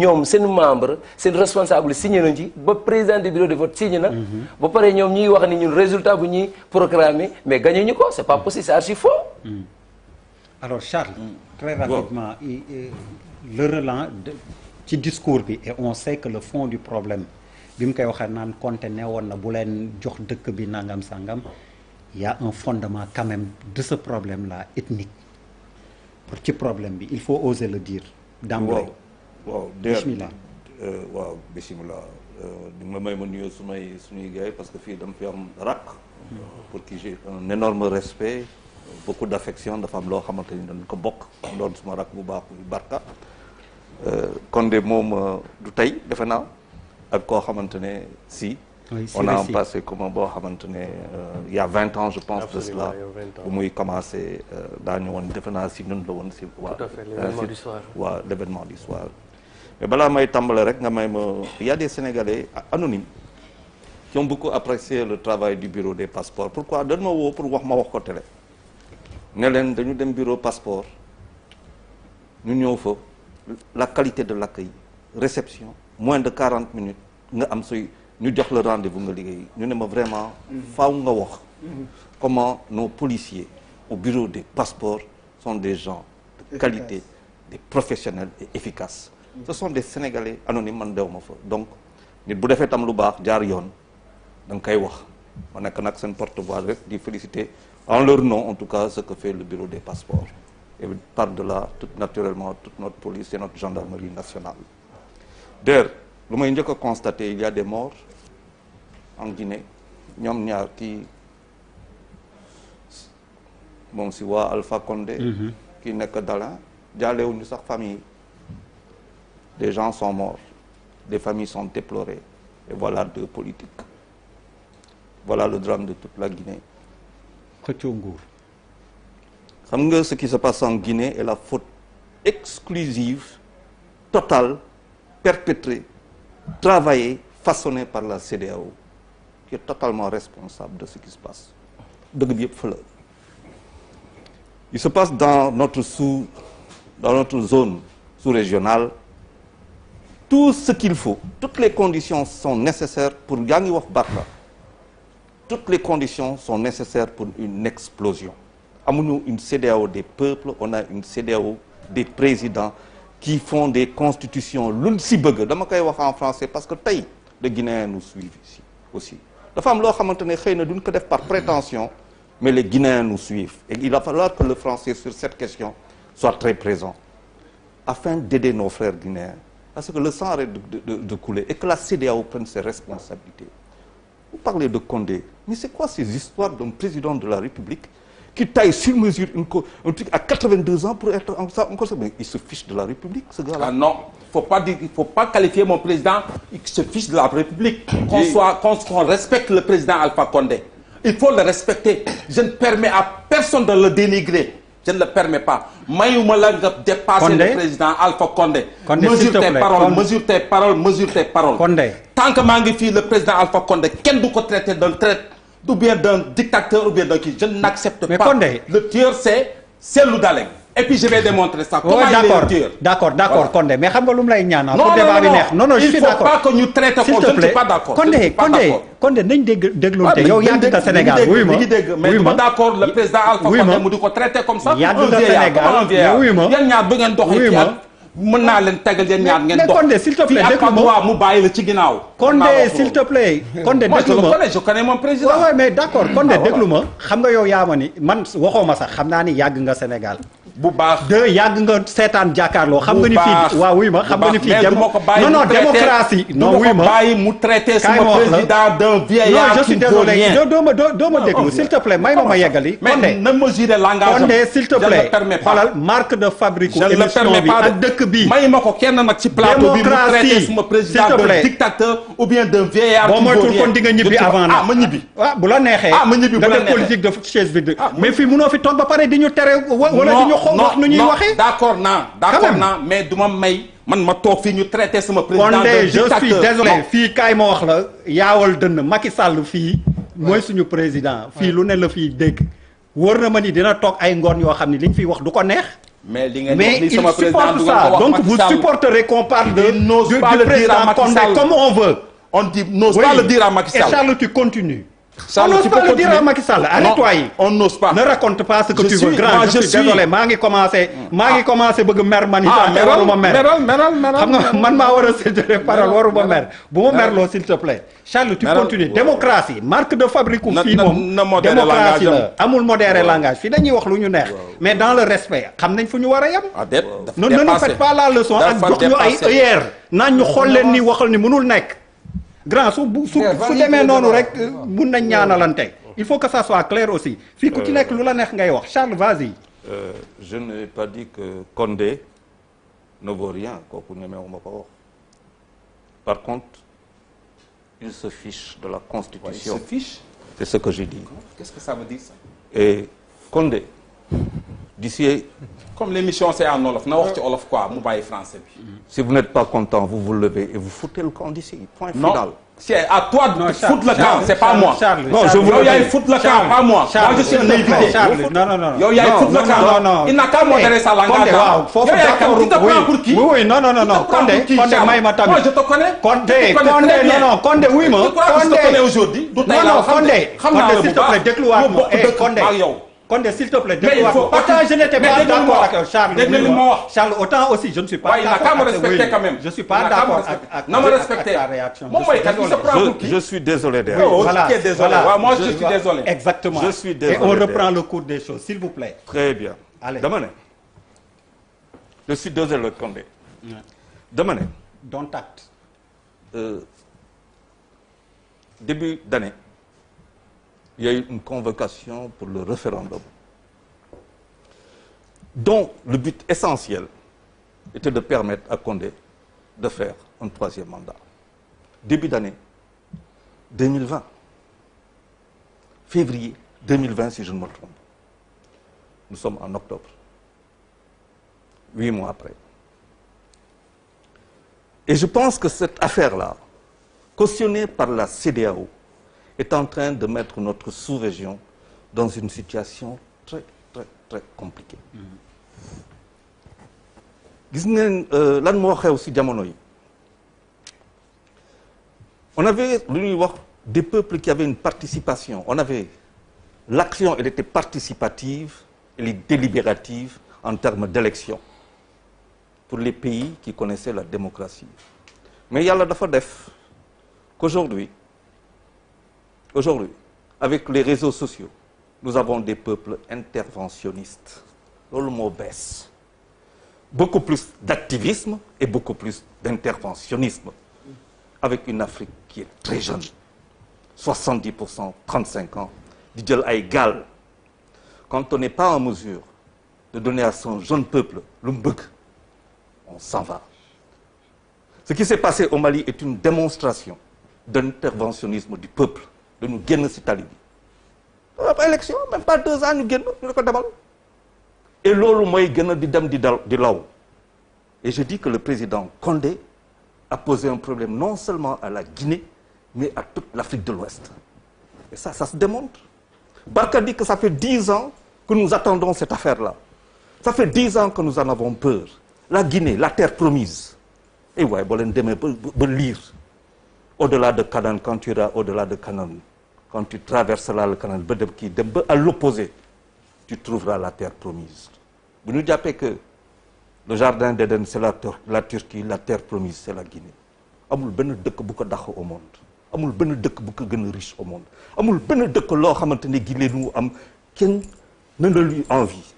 ñoom seen membre seen responsable signé nañ ci ba président du bureau de vote signé na. Mhm. ba pare ñoom ñuy wax ni ñun résultat bu ñuy programmé mais gagné ñu ko c'est pas mhm. possible c'est archi faux. Mhm. alors Charles.
très rapidement le relan ci discours bi et on sait que le fond du problème bi mu koy waxee naan Conté ne woon na bu leen jox dëkk bi nangam sangam y a un fondement quand même problème là ethnique. pour ci problème bi il faut oser le dire. d'emblée
waaw waaw euh, waaw bisimilah euh, di ma may ma nuyoo sumay suñuy gars yi parce que fii dama fi am rakk. pour qui j'ai un énorme respect. beaucoup d'affection dafa am loo xamante ni dañ ko bokk. doon suma rakk bu baax bu barka. Condé euh, moom du tey defe naa ak koo xamante ne si. Oui, on a un passé commun boo xamante ne euh, il y a vingt ans je pense de cela bu muy commencé euh, daa woon defe naa si ñun la woon si waa waa l'événement du soir mais balaa may tàmbale rek nga may ma il y a des Sénégalais anonymes qui ont beaucoup apprécié le travail du bureau de passeports pourquoi dañ ma woo pour wax ma wax ko télé ne leen dañu dem bureau passeport ñu ñëw fa la qualité de l'accueil réception moins de quarante minutes nga am say ñu jox le rendez-vous nga liggéey ñu ne ma vraiment faaw nga wax comment nos policiers au bureau des passeports sont des gens de qualité des professionnels et efficaces ce sont des sénégalais anonymes man dew ma fa donc ne bu defee tam lu baax jaar yoon da koy wax ma nekk nag seen porte-voix rek di féliciter en leur nom en tout cas ce que fait le bureau des passeports et par-delà tout naturellement toute notre police et notre gendarmerie nationale lu may njëkk a constaté il y a des morts en Guinée ñoom ñaar kii moom si waa Alpha Condé mhm. kii nekk Dalin jaalewuñu sax famille des gens sont morts des familles sont déplorées et voilà deux politiques voilà le drame de toute la Guinée xëccoo nguur nga ce qui se passe en Guinée est la faute exclusive totale perpétrée travaillé, façonné par la CEDEAO, qui est totalement responsable de ce qui se passe. Il se passe dans notre, sous, dans zone sous-régionale tout ce qu'il faut, toutes les conditions sont nécessaires pour gagner Barla. Toutes les conditions sont nécessaires pour une explosion. Nous une CDAO des peuples, on a une CDAO des présidents, qui font des constitutions luñ si bëgg dama koy wax en français parce que tey les Guinéens nous suivent ici aussi dafa am loo xamante ne xëy na duñ ko def par prétention mais les Guinéens nous suivent et il va falloir que le français sur cette question soit très présent afin d'aider nos frères guinéens parce que le sang arrête de, de, de couler et que la CEDEAO prenne ses responsabilités vous parlez de Condé mais c'est quoi ces histoires d'un président de la République qui taille sur mesure une co un truc à 82 ans pour être en ça encore ça mais fiche de la République ce gars ah non faut faut pas
qualifier mon président il se fiche de le président Alpha Condé. il faut le respecter je ne permets à personne de le dénigrer. je ne le permets pas mayuma la nga dépasser le président Alpha Condé. Condé mesure tes paroles mesure tant que maa ngi fii le président Alpha Condé kenn du ko traité d'un traite ou bien d'un dictateur ou bien d'un qui je n'accepte pas. Condé, le tueur c'est Cellou Dalein. et puis je vais démontrer ça. comment il est le tueur
d'accord d'accord Condé mais xam nga lu mu lay ñaanal. Ah, pour débat bi neex non non je suis d'accord il faut pas que ñu traité ko je ne suis pas d'accord. Condé Condé Condé nañ dégg dégloonte yow yàgg nga Sénégal oui ma
oui ma d'accord le président Alpha Condé mu di ko traité comme ça. yàgg nga Sénégal oui ma yàgg ñaar bu ngeen doxee. mën naa leen tegal yéen ñaar ngeen dox mais Condé s'il te plaît déglu ma waaw mu bàyyi la ci ginnaaw. Condé s'il te plaît. Condé déglu ma je connais mon président. waaw mais d'accord mm. Condé ah, déglu ma.
xam nga yow yaa ma ni man waxoo ma sax xam naa ni yàgg nga Sénégal bu baax de yàgg nga seetaan jàkkaarloo. xam nga ni fii waaw wuy ma xam nga ni fii. mais du ma ko bàyyi non non démocratie. non wuy ma bàyyi mu traité sama président d'un vieillard. non
je suis may ma ma yeggali. mais na marque de fabrique. émission bi ak bi. may ma ko kenn nag ci plateau bi
dictateur ou bien d'un vieillard. boo kon di ñibbi avant ah, na ma ñibbi. Ah, bu la neexee. Ah, ma ñibbi nga def politique de chaise vide. mais fii munoo fi toog ba pare di ñu tere wala di
ñu waxoo wax nu ñuy waxee. d'accord naa d'accord naa mais du ma may man ma toog fii ñu traité sama président de dictateur je suis désolé
fii kaay ma wax la yaawal dënn Macky Sall fii mooy suñu président fii lu ne la fii dégg wóor na ma ni dina toog ay ngoon yoo xam ne li ñu fiy wax du ko neex mais li ngeen wax li sama président du ko wax donc vous supporterez qu'on parle de du président Condé comme on veut ça on n'ose pas le dire à raconte pas que tu suis, grand je suis désolé maa ngi commencé. Ah. maa ngi commencé bëgg mer man. ah meral meral man maa war a séddale parole waruma mer. bu ma merloo s'il te plaît. Charles tu continues démocratie marque de fabrique. fii moom démocratie la amul modéré langage fii dañuy wax lu ñu neex. mais dans le respect xam nañ fu ñu war a yem.
ah déet ne nous faites pas la leçon ak jox ñu ay œillères. naan ñu
xool leen ni waxal ni mënul nekk. grand su bu su su demee noonu rek euh, mun nañ ñaanalante il
faut que ça soit clair aussi fii ku ci euh, lu la
neex ngay wax Charles vas-y
euh, je n'ai pas dit que Condé ne vaut rien kooku ñemewuma ko wax par contre il se fiche de la constitution fiche c'est ce que j'ai dit ce que ça veut et Condé di siyee.
comme l'émission c'est en wolof na wax ci wolof quoi mu bàyyi français bi.
si vous n'êtes pas content vous vous levez et vous foutez le camp d'ici point final.
c'est à toi de foutre le camp c'est pas moi. non je vous yow yaay foutre le camp pas moi. moi je suis un invité. non non non yow yaay foutre le camp. non non il
n'a qu'à modérer sa langue. Condé waaw foofu d'accord yow yaay tu
te prends pour qui. oui oui non non non non Condé Condé may ma tamit. moi je te connais. Condé Condé non non Condé wuy ma. Condé je te connais aujourd'hui. du tey la xam nga Condé s'il te plaît dégluwaat ma eh, Condé. kon de s'il te plaît. mais il faut autant je n'étais pas d'accord ak euh, Charles. dégg li aussi je ne suis pas. d'accord ak ak na ma réaction.
je suis désolé de. voilà voilà désolé. exactement on reprend
le cours des choses s'il vous plaît. très bien. allez
je suis désolé Condé. dama ne. dont acte. Euh, début d'année. il y a eu une convocation pour le référendum, dont le but essentiel était de permettre à Condé de faire un troisième mandat. Début d'année 2020, février 2020 si je ne me trompe. Nous sommes en octobre, huit mois après. Et je pense que cette affaire-là, cautionnée par la CDAO, est en train de mettre notre sous-région dans une situation très très très compliquée. gis ngeen euh, lan moo xew ci jamono yi on avait lu ñuy wax des peuples qui avaient une participation on avait l'action elle était participative elle est délibérative en termes d'élection pour les pays qui connaissaient la démocratie mais yàlla dafa def qu'aujourd'hui Aujourd'hui, avec les réseaux sociaux, des peuples interventionnistes. loolu moo bees beaucoup plus d'activisme et est très jeune 70 pour cent 35 ans di jël ay gaal quand on n'est de donner à son lu mu bëgg on s'en va ce Mali est une démonstration d'interventionnisme du dañu génn si tali bi pas deux ans ñu génn ñu ne ko demal et loolu mooy gën a di dem di dal di law et je dis que le président Condé a posé un problème non seulement à la Guinée mais à toute l'Afrique de l'Ouest et ça ça se démontre Barka que nous attendons cette affaire-là ça nous en avons peur la Guinée la terre promise et waaye boo leen demee ba ba liir au de Canaan quand au-delà de Canaan quand tu traverseras le canal ba dem kii dem ba à l'opposé tu trouveras la terre promise bu ñu jàppee que le jardin d'Éden c'est la la Turquie la terre promise c'est la Guinée amul benn dëkk bu ko dàq au monde amul benn dëkk bu ko gën a riche au monde amul benn dëkk loo xamante ne Guinée lu mu am kenn ne le lui envie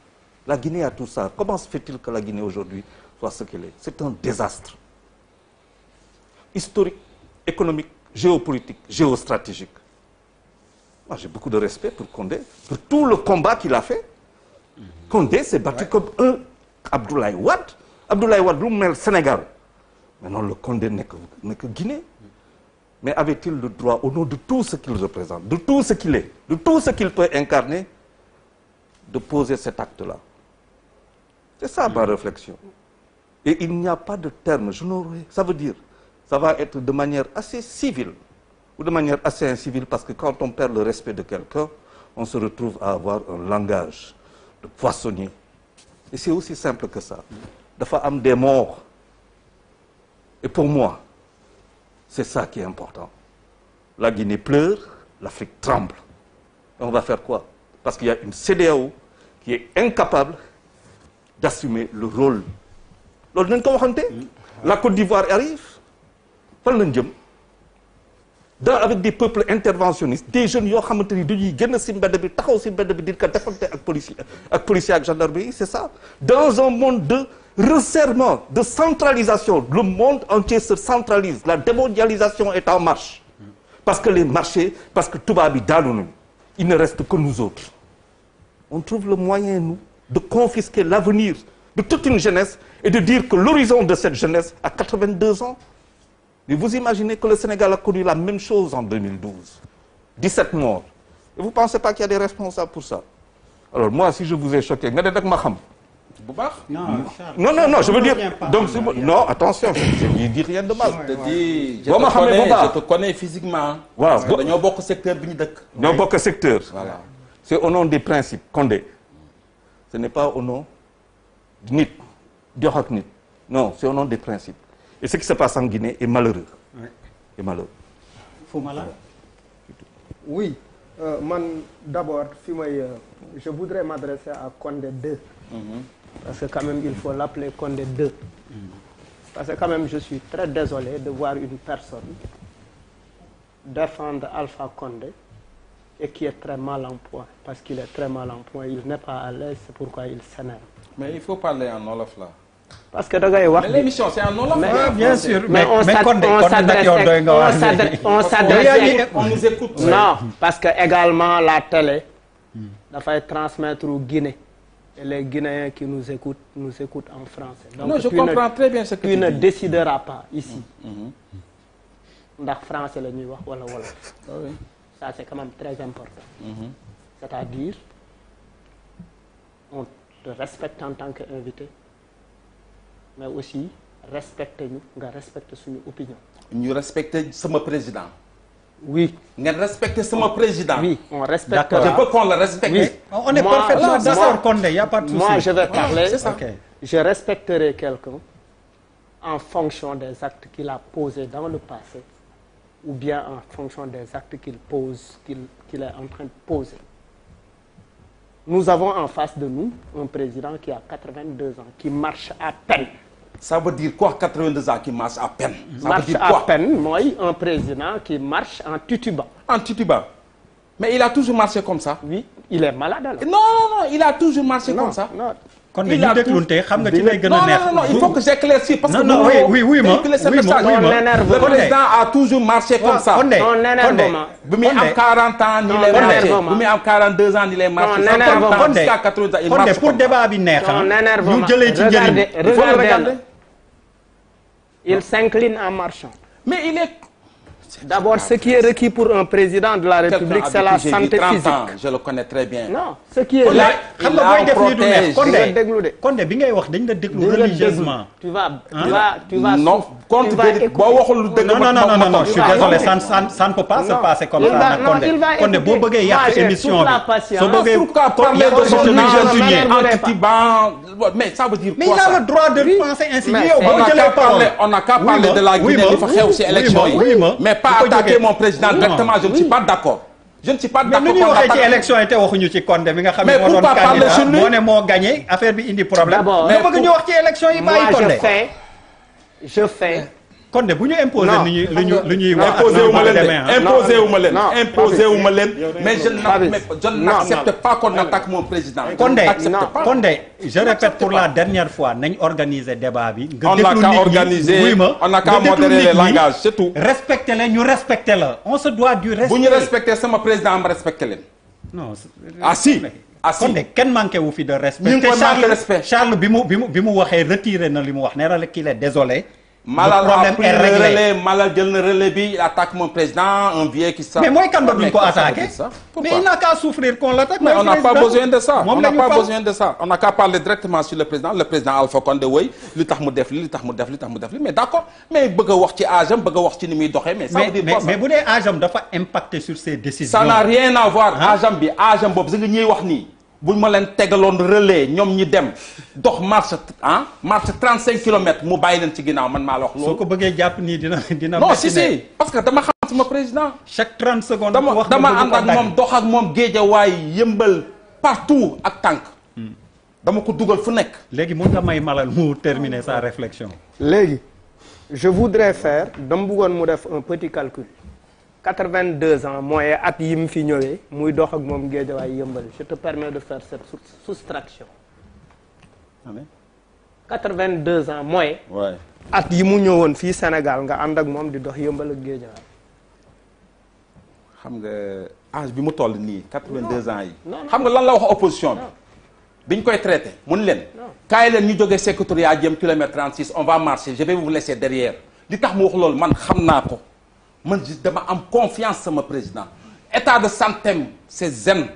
la Guinée a tout ça comment se fait-il que la Guinée aujourd'hui soit ce qu'elle est c'est un désastre historique économique géopolitique géostratégique moi j'ai beaucoup de respect pour Condé, pour tout le combat qu'il a fait. Condé s'est battu ouais. comme un Abdoulaye Wade Abdoulaye Wade lu mel mais le Condé nekk nekk Guinée mais avait-il le droit au nom de tout ce qu'il représente de tout ce qu'il est de tout ce qu'il peut incarner de poser cet acte-là c'est ça ma réflexion et il n'y a pas de terme je n'aurais ça veut dire ça va être de manière ou de manière assez incivile, parce que quand on perd le respect de quelqu'un, on se retrouve à avoir un langage de poissonnier. Et c'est aussi simple que ça. Dafa am des morts. Et pour moi, c'est ça qui est important. La Guinée pleure, l'Afrique tremble. Et on va faire quoi? Parce qu'il y a une CEDEAO qui est incapable d'assumer le rôle. loolu nañ ko waxante. la Côte d'Ivoire arrive fan lañ dans avec des peuples interventionnistes des jeunes yoo xamante ni dañuy génn ci mbedd bi taxaw ci mbedd bi di ko défendre ak policier ak policier ak gendarmerie c'est ça dans un monde de resserrement de centralisation le monde entier se centralise la démondialisation est en marche parce que les marchés parce que tubaab bi daanu nañu il ne reste que le moyen nous de confisquer l'avenir de toute une jeunesse et de dire que l'horizon de cette jeunesse a 82 ans Mais vous imaginez que le Sénégal a connu la même chose en 2012. 17 morts. Et vous ne pensez pas qu'il y a des responsables pour ça Alors moi, si je vous ai choqué, non, hmm. non, non, non, je veux dire... Donc, non, attention, je ne dis rien de mal.
Je te dis, je te connais, je te connais physiquement.
Voilà. Nous avons beaucoup secteur. C'est au nom des principes, Condé. Ce n'est pas au nom de NIT, Non, c'est au nom des principes. Et ce qui se passe en Guinée est malheureux.
Oui.
Euh, man, d'abord, euh, je voudrais m'adresser à Condé 2. Mhm. Parce que quand même, il faut l'appeler Condé 2. Mhm. Parce que quand même, je suis très désolé de voir une personne défendre Alpha Condé et qui est très mal en point. Parce qu'il est très mal en point, il n'est pas à l'aise, c'est pourquoi il s'énerve.
Mais il faut parler en Olaf là. parce que da ngay wax. mais l'émission c'est on s'adresse on s'adresse on nous non parce que
également la télé. dafay transmettre au Guinée. et les Guinéens qui nous écoutent nous écoutent en français. donc tu ne décidera pas ici. Mm-hmm. Mm-hmm. ndax français la ñuy wax wala wolof. Ah ça c'est quand même très important. Mm-hmm. c'est-à-dire on te respecte en tant qu'invité. mais aussi respecté ñu nga suñu opinion.
ñu respecté sama président. oui. nga respecté sama président. oui on respecte. je peux qu'on on est je vais parler
ah, c'est en fonction des actes qu'il a posés dans le passé ou en fonction des actes qu'il pose qu'il qu'il en train de poser. en face de nous un président qui a 82 ans, qui marche à ça veut dire quoi 82 ans qui marche à peine. ça marche veut dire quoi marche à peine mooy un président qui marche en titubant. en titubant mais il a
toujours marché comme ça. oui il est malade alors. non non non il a toujours marché non, comme ça. non kon nag ñu dégluwoon tey xam nga ci lay gën a neex. non non il faut que j'éclaircisse parce que non non oui oui ma oui ma le président a toujours marché comme ça. kon de kon de bu muy am 40 ans ni lay marché bu muy am 42 ans ni lay marché. kon de kon de pour débat bi neex ah. ñu jëlee ci njëriñ. il faut regarder
Il s'incline en marchant. Mais il est D'abord, ce qui est requis pour un président de la République, c'est la santé physique.
je le connais très bien. Non, ce qui est là, il la protège.
Konde, bi ngay wax dañ la déglu religieusement.
Tu vas, tu vas, tu vas. Non, Konde, boo
waxul lu dëgg. Non, non, non, non, non, je suis désolé, ça, ça, ça ne peut pas se passer comme ça. Konde, Konde, boo bëggee de son ingénieur anti ban
mais ça veut dire quoi ça? Mais il a le droit de On n'a qu'à parler de la Guinée, li fa xew ci élection
pas attaquer mon président directement je ne suis pas d'accord je ne suis pas d'accord mais ni ñuy waxee ci élection yi te waxuñu ci Condé mi nga xam ne moo doon candidat moo ne moo gagné affaire bi indi problème. mais bëgg ñu wax ci élection yi bàyyi Condé. kon de bu ñu imposé. non ñu ñuy li ñuy wax imposé ah. wu ma leen imposé wu ma leen. wu ma leen mais je n'accepte pas qu'on attaque mon président.
kon de kon
de je la dernière fois nañ organiser débat bi. nga déglu nit ñi wuy ma on a qu'à modérer les la
ñu
respecté la on se doit bu ñu respecté sama président am respecté leen. non ah si. assi ah, kon de kenn manqué wu fi de Charles bi mu bi mu waxee retiré na li mu wax nee na la kii désolé. Malal a pris le relais
Malal jël na attaque mon président un vieux qui ça. mais mooy kan ba duñ ko attaqué
mais il n'a qu'à souffrir qu'on l'attaque on n'a pas besoin de ça on n'a pas besoin
de ça on n'a qu'à parler directement sur président le président Alpha Condé woy li tax mu def li li mu def li tax mu def li d'accord mais bëgg a wax ci âge am bëgg a wax ci ni muy doxee mais ça veut dire quoi ah. bi âge am boobu si nga wax ni buñ ma leen tegaloon relais ñoom ñi dem dox marche ah marche 35 kilomètres mu bàyyi leen ci ginnaaw man maa la wax loolu. soo ko bëggee jàpp nii dina dina. non si que dama xam sama président. chaque 30 secondes. wax dama ànd ak moom dox ak moom géejawaay yëmbal partout ak tànk. Hmm. dama ko dugal fu nekk.
léegi mun nga may malal mu terminer sa réflexion.
léegi
je voudrais faire
dama buggoon mu def un petit calcul. 82 ans mooy at yi mu fi ñëwee muy dox ak moom géejawaay yëmbal je te permets de faire cette soustraction. amiin 82 ans mooy. waay at yi mu ñëwoon fii Sénégal nga ànd ak
moom di dox yëmbal ak géejawaay. xam nga âge bi mu toll nii 82 ans yi. xam nga lan la wax opposition bi. biñ koy traité mun leen. kaay leen ñu jógee secrétariat jëm kilomètre 36 on va marcher je vais vous laisser derrière li tax mu wax loolu man xam naa ko. man dama am confiance sama président état de santé am c'est zen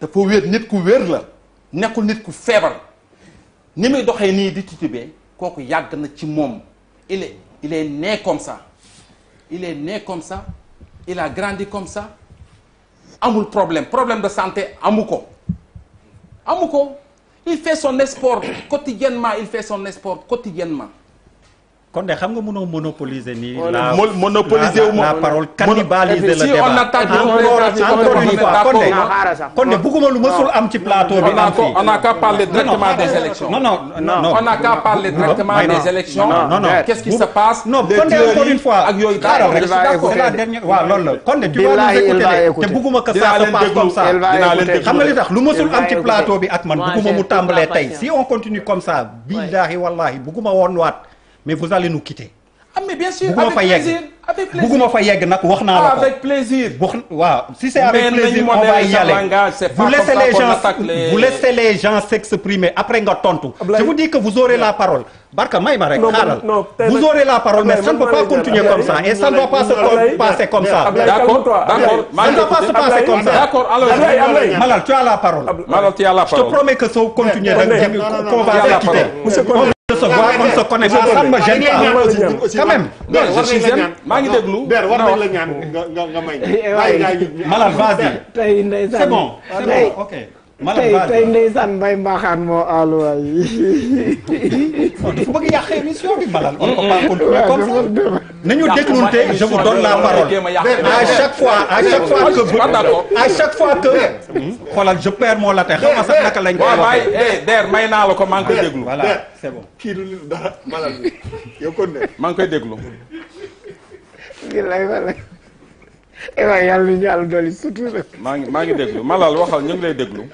dafa wér nit ku wér la nekkul nit ku feebar ni muy doxee nii di titubee kooku yàgg na ci moom il est il est né comme ça il est né comme ça il a grandi comme ça amul problème problème de santé amu ko amu ko il fait son sport quotidiennement il fait son sport quotidiennement
kon de xam nga mënoo monopoliser nii. la monopoliser wu ma la parole cannibaliser kon de kon de bëgguma lu mësul bi. am fii on n'a qu'à parler directement des élections. non non non ak yooyu xaaral rek c'est la dernière waaw loolu la kon de tu vas li tax lu mësul am ci plateau bi ak man bëgguma mu tàmbalee tey si on continue comme ça. billaahi wallaahi bëgguma woon waat mais vous allez nous quitter. bugguma fa yegg nag wax la ko wax waaw si c'est avec plaisir on va y vous laissez les gens vous laissez après nga tontu. je vous dis que vous aurez la parole. Barka may ma rek xaaral vous aurez la parole mais ça ne peut pas continuer comme ça et ça ne doit pas comme ça. d'accord la parole. Malal tu as la parole.
je te promets
que soo continuer rek.
on va se quitter. recevoir on se connaît pas xam nga gêne quand même je suis gêne maa ngi déglu der war nañ la ñaan nga nga may malade vas-y tey ndeysaan c'est bon c'est bon ok malam tey tey
ndeysaan mbay mbaaxaan moo aalu waay.
Oh, dafa
bëgg yàq émission bi malal. on ne peut pas continuer comme ça. nañu déclonté je vous donne
la parole. à chaque fois à chaque fois que. à chaque fois que.
xoolal je perds mon latin xam nga sax naka lañ koy
may
naa la ko maa ngi koy déglu. voilà
c'est kii du dara malal yow kon ne. maa ngi koy déglu. eh waaye yàlla nañu yàlla dolli surtout nag.
maa maa ngi déglu Malal waxal ñu ngi lay déglu.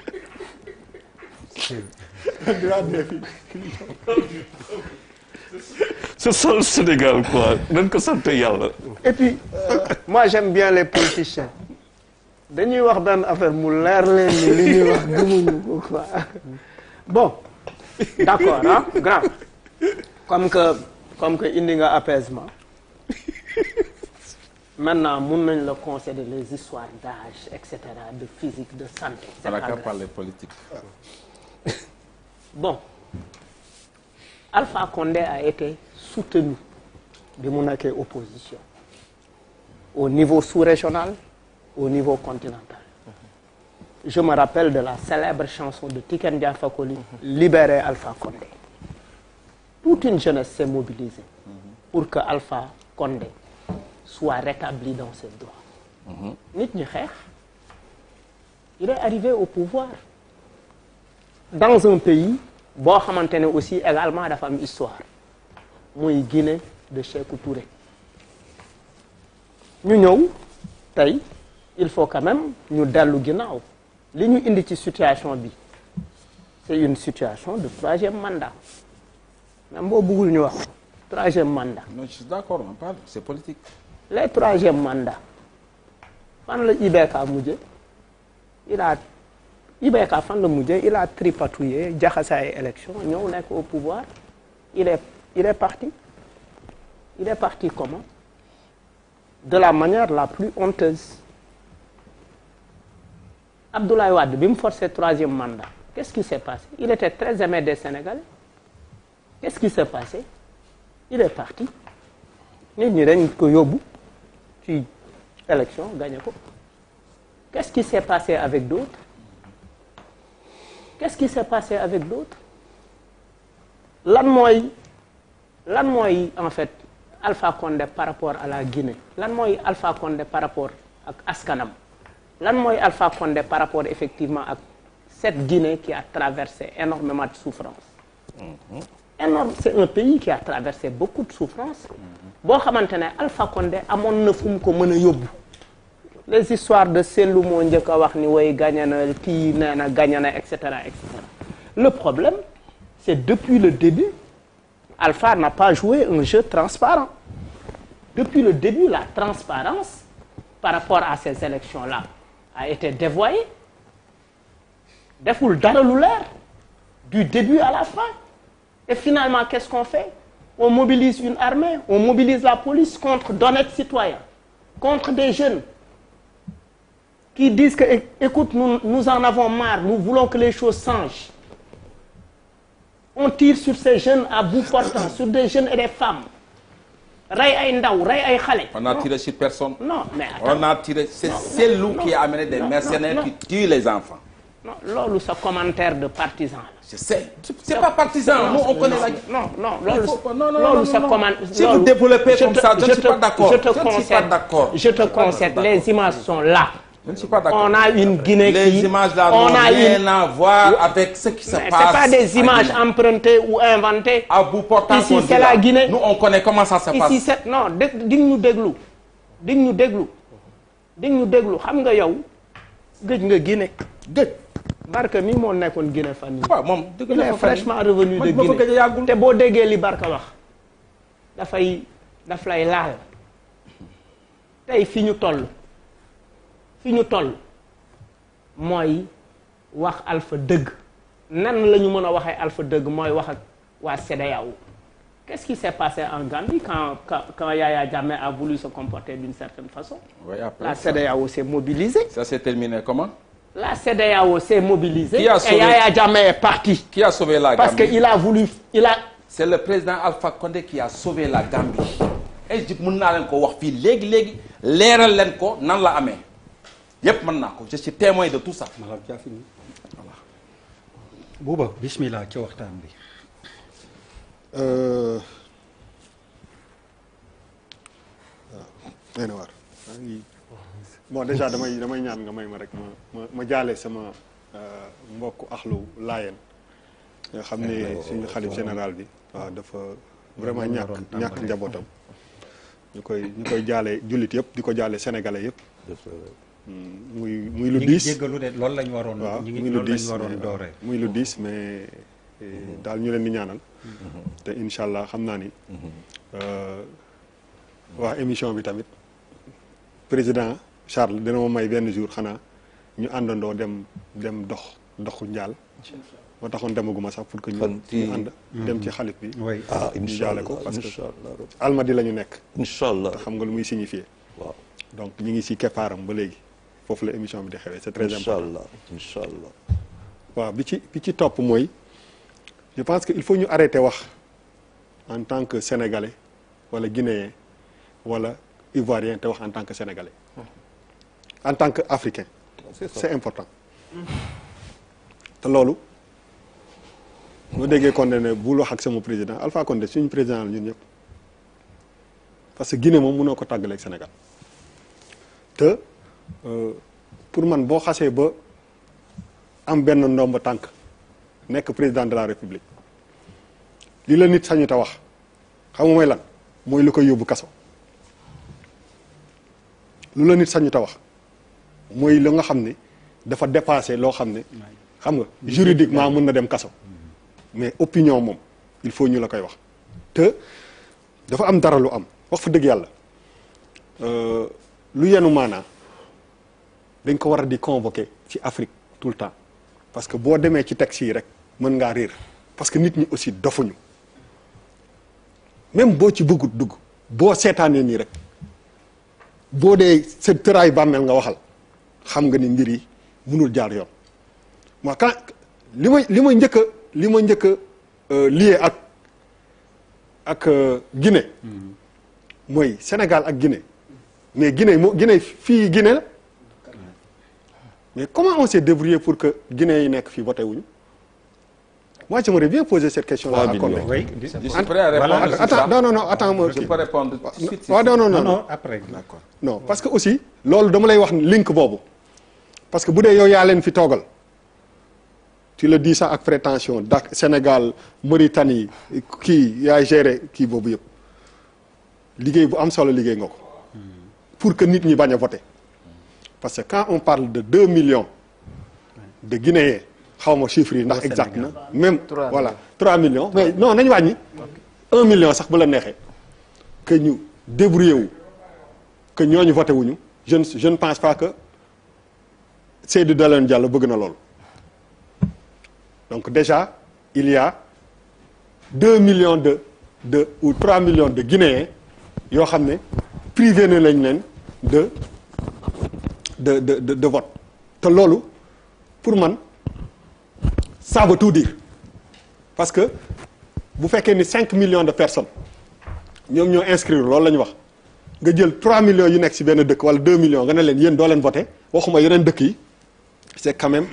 c'est ça Sénégal quoi nañ ko sant yàlla.
et puis euh, moi j'aime bien les politiciens. dañuy wax benn affaire mu leer leen ni li ñuy wax gëmuñu bon d'accord grand comme que comme que indi nga apaisement. maintenant mun nañ la concéder les histoires d'âge et cetera de physique de santé. c'est pas grave
parler politique.
bon Alpha Condé a été soutenu bi mu nekkee opposition au niveau sous-régional au niveau continental. je me rappelle de la célèbre chanson de Tiken Jah Fakoly. Libérer Alpha Condé. toute une jeunesse s'est mobilisée. pour que Alpha Condé. soit rétabli dans ses droits mhm. nit ñi xeex il est arrivé au pouvoir dans un pays boo xamante ne aussi également dafa am histoire muy Guinée de Sékou Touré ñu ñëw tey il faut quand même ñu dellu ginnaaw li ñu indi ci situation bi c'est une situation de troisième mandat même boo bëggul ñu wax troisième mandat. non je suis d'accord on c'est politique. les troisième mandat fan la IBK mujje il a IBK fan la mujje il a tripatouillé jaxase ay élection ñëw nekk au pouvoir il est il est parti il est parti comment de la manière la plus honteuse Abdoulaye Wade bi mu forcé troisième mandat qu'est-ce qui s'est passé il était très aimé des Sénégalais qu'est-ce qui s'est passé il est parti nit ñi dañ ko yóbbu ci élection gagné ko qu'est-ce qui s'est passé avec d'autres qu'est-ce qui s'est passé avec d'autres lan mooy lan mooy en fait Alpha Condé par rapport à la Guinée lan mooy Alpha Condé par rapport ak askanam lan mooy Alpha Condé par rapport effectivement ak cette Guinée qui a traversé énormément de souffrances mm-hmm. énorme c'est un pays qui a traversé beaucoup de souffrances mm-hmm. boo xamante ne Alpha Condé amoon na fu ko mën a yóbbu les histoires de Cellou moo njëkk wax ni woy gagné na kii nee na gagné na et cetera et cetera le problème c'est depuis le début Alpha n'a pas joué un jeu transparent depuis le début la transparence par rapport à ces élections-là a été dévoyée deful dara lu leer du début à la fin et finalement qu'est-ce qu'on fait on mobilise une armée, on mobilise la police contre d'honnêtes citoyens, contre des jeunes qui disent que, écoute, nous, nous en avons marre, nous voulons que les choses changent. On tire sur ces jeunes à bout portant, sur des jeunes et des femmes. rey ay ndaw rey ay xale. on a tiré
sur personne. non on a tiré c'est Cellou qui a des mercenaires qui tuent les enfants. non loolu sa
commentaire de
partisan la. je sais
c'est pas partisan. non on connaît la. non non loolu. non non loolu sa commentaire. si je
te concède je te concède les images sont là. je ne suis pas on a une Guinée qui les images là n'ont rien à voir avec ce qui se passe. des images empruntées ou inventées. à bout portant ici c'est on connaît comment ça se passe. ici
c'est non dégg di ñu déglu di déglu xam nga yow gëj nga Guinée Barka mii moo nekkoon Guinée fan yi waaw moom dëgg la fraîchement revenu de Guinée te boo déggee li Barka wax dafay daf lay laal tey fi ñu toll fi ñu toll mooy wax alfa dëgg nan lañu ñu mën a waxee alfa dëgg mooy wax ak waa CEDEAO qu'est-ce qui s'est passé en Gambie quand quand, quand Yaya Jammeh a voulu se comporter d'une certaine façon
oui, après, la CEDEAO s'est mobilisée ça s'est terminé
La CEDEAO s'est mobilisée sauvé... et
parti. Qui a sauvé la Gambie? Parce qu'il a voulu il a. c'est le président Alpha Condé qui a sauvé la Gambie. Égypte mën naa leen ko wax fii léegi léegi leeral leen ko nan la amee yépp mën naa ko je suis témoin de tout ça. maanaam jaa fi mu voilà.
Bouba ci waxtaan bi. Euh,
euh, bon déjà damay damay ñaan nga may ma rek ma ma ma jaale sama euh, mbokk axlu laayeen nga xam ne suñu xalif général bi waaw dafa vraiment ñàkk ñàkk njabootam ñu koy ñu koy jaale jullit yëpp di ko jaale sénégalais yëpp hmm, muy muy lu diis jéggalu
loolu lañ waroon waaw muy lu diis waroon doore
muy lu diis mais eh, mhm. daal ñu leen di ñaanal mhm. te incha allah xam naa ni mhm. euh, waa émission bi tamit président Charles dina ma may benn jour xanaa ñu àndandoo dem dem dox dox doxu njaal moo taxoon demaguma sax pour que ñu ànd dem ci xalif bi ah, ñu jaale ko parce que almadi la ñu nekk incha allah te xam nga lu muy signifier waaw donc ñu ngi si keppaaram ba léegi foofu la émission bi di xewee c'est très important incha allah waaw bi ci bi ci topp mooy je pense que il faut ñu arrêter wax en tant que sénégalais wala guinéen wala ivoirien te wax en tant que sénégalais en tant que africain c'est important te loolu moo déggee Condé ne bul wax ak sama président Alpha Condé suñu président la ñun ñëpp parce que Guinée moom mënoo ko tàggaleeg Sénégal te euh, pour man boo xasee ba am benn ndomba tànk nekk président de la république li la nit sañu te wax xam nga mooy lan mooy lu koy yóbbu kaso lu la nit sañu te wax mooy la nga xam ni dafa dépassé loo xam ne xam nga juridiquement mën na dem kaso mais opinion moom il faut ñu la koy wax te dafa am dara lu am wax fa dëgg yàlla euh, lu yenu maanaa dañ ko war a di convoquer ci Afrique tout le temps parce que boo demee ci taxi si rek mën ngaa réer parce que nit ñi aussi dofuñu même boo ci bëggut dugg boo seetaanee nii rek boo dee sa tëraay bàmmeel nga waxal xam nga ni mbir yi mënul jaar yoon moo quand li ma li ma njëkk li ma njëkk a euh, lié ak ak euh, Guinée mm-hmm. mooy Sénégal ak Guinée mais Guinée moo Guinée fii Guinée la mais comment on s'est débrouillé pour que Guinée yi nekk fii voté wuñu Moi, j'aimerais bien poser cette question-là à Comé. Oui, parce que aussi, loolu dama lay wax link boobu parce que bu dee yow yaa leen fi toogal tu le dis ça ak prétention dak Sénégal Mauritanie kii yaay géré kii boobu yëpp liggéey bu am solo liggéey nga ko pour que nit ñi bañ a voter parce que quand on parle de deux millions de Guinéens xaw ma chiffre yi ndax exact na même voilà trois millions mais non nañu wàññi un million sax bu la neexee que ñu débrouillé wu que ñooñu voté ñu je ne je ne pense pas que Seydou Dalein Diallo bëgg na loolu donc déjà il y a deux millions de de ou trois millions de Guinéens yoo xam ne privé na lañ leen de de de de de vote te loolu pour man ça veut tout dire parce que bu fekkee ni cinq millions de personnes ñoom ñoo inscrire loolu la ñu wax nga jël trois millions yu nekk ci benn dëkk walla deux millions nga ne leen yéen doo leen voté waxuma yeneen dëkk yi. c'est quand même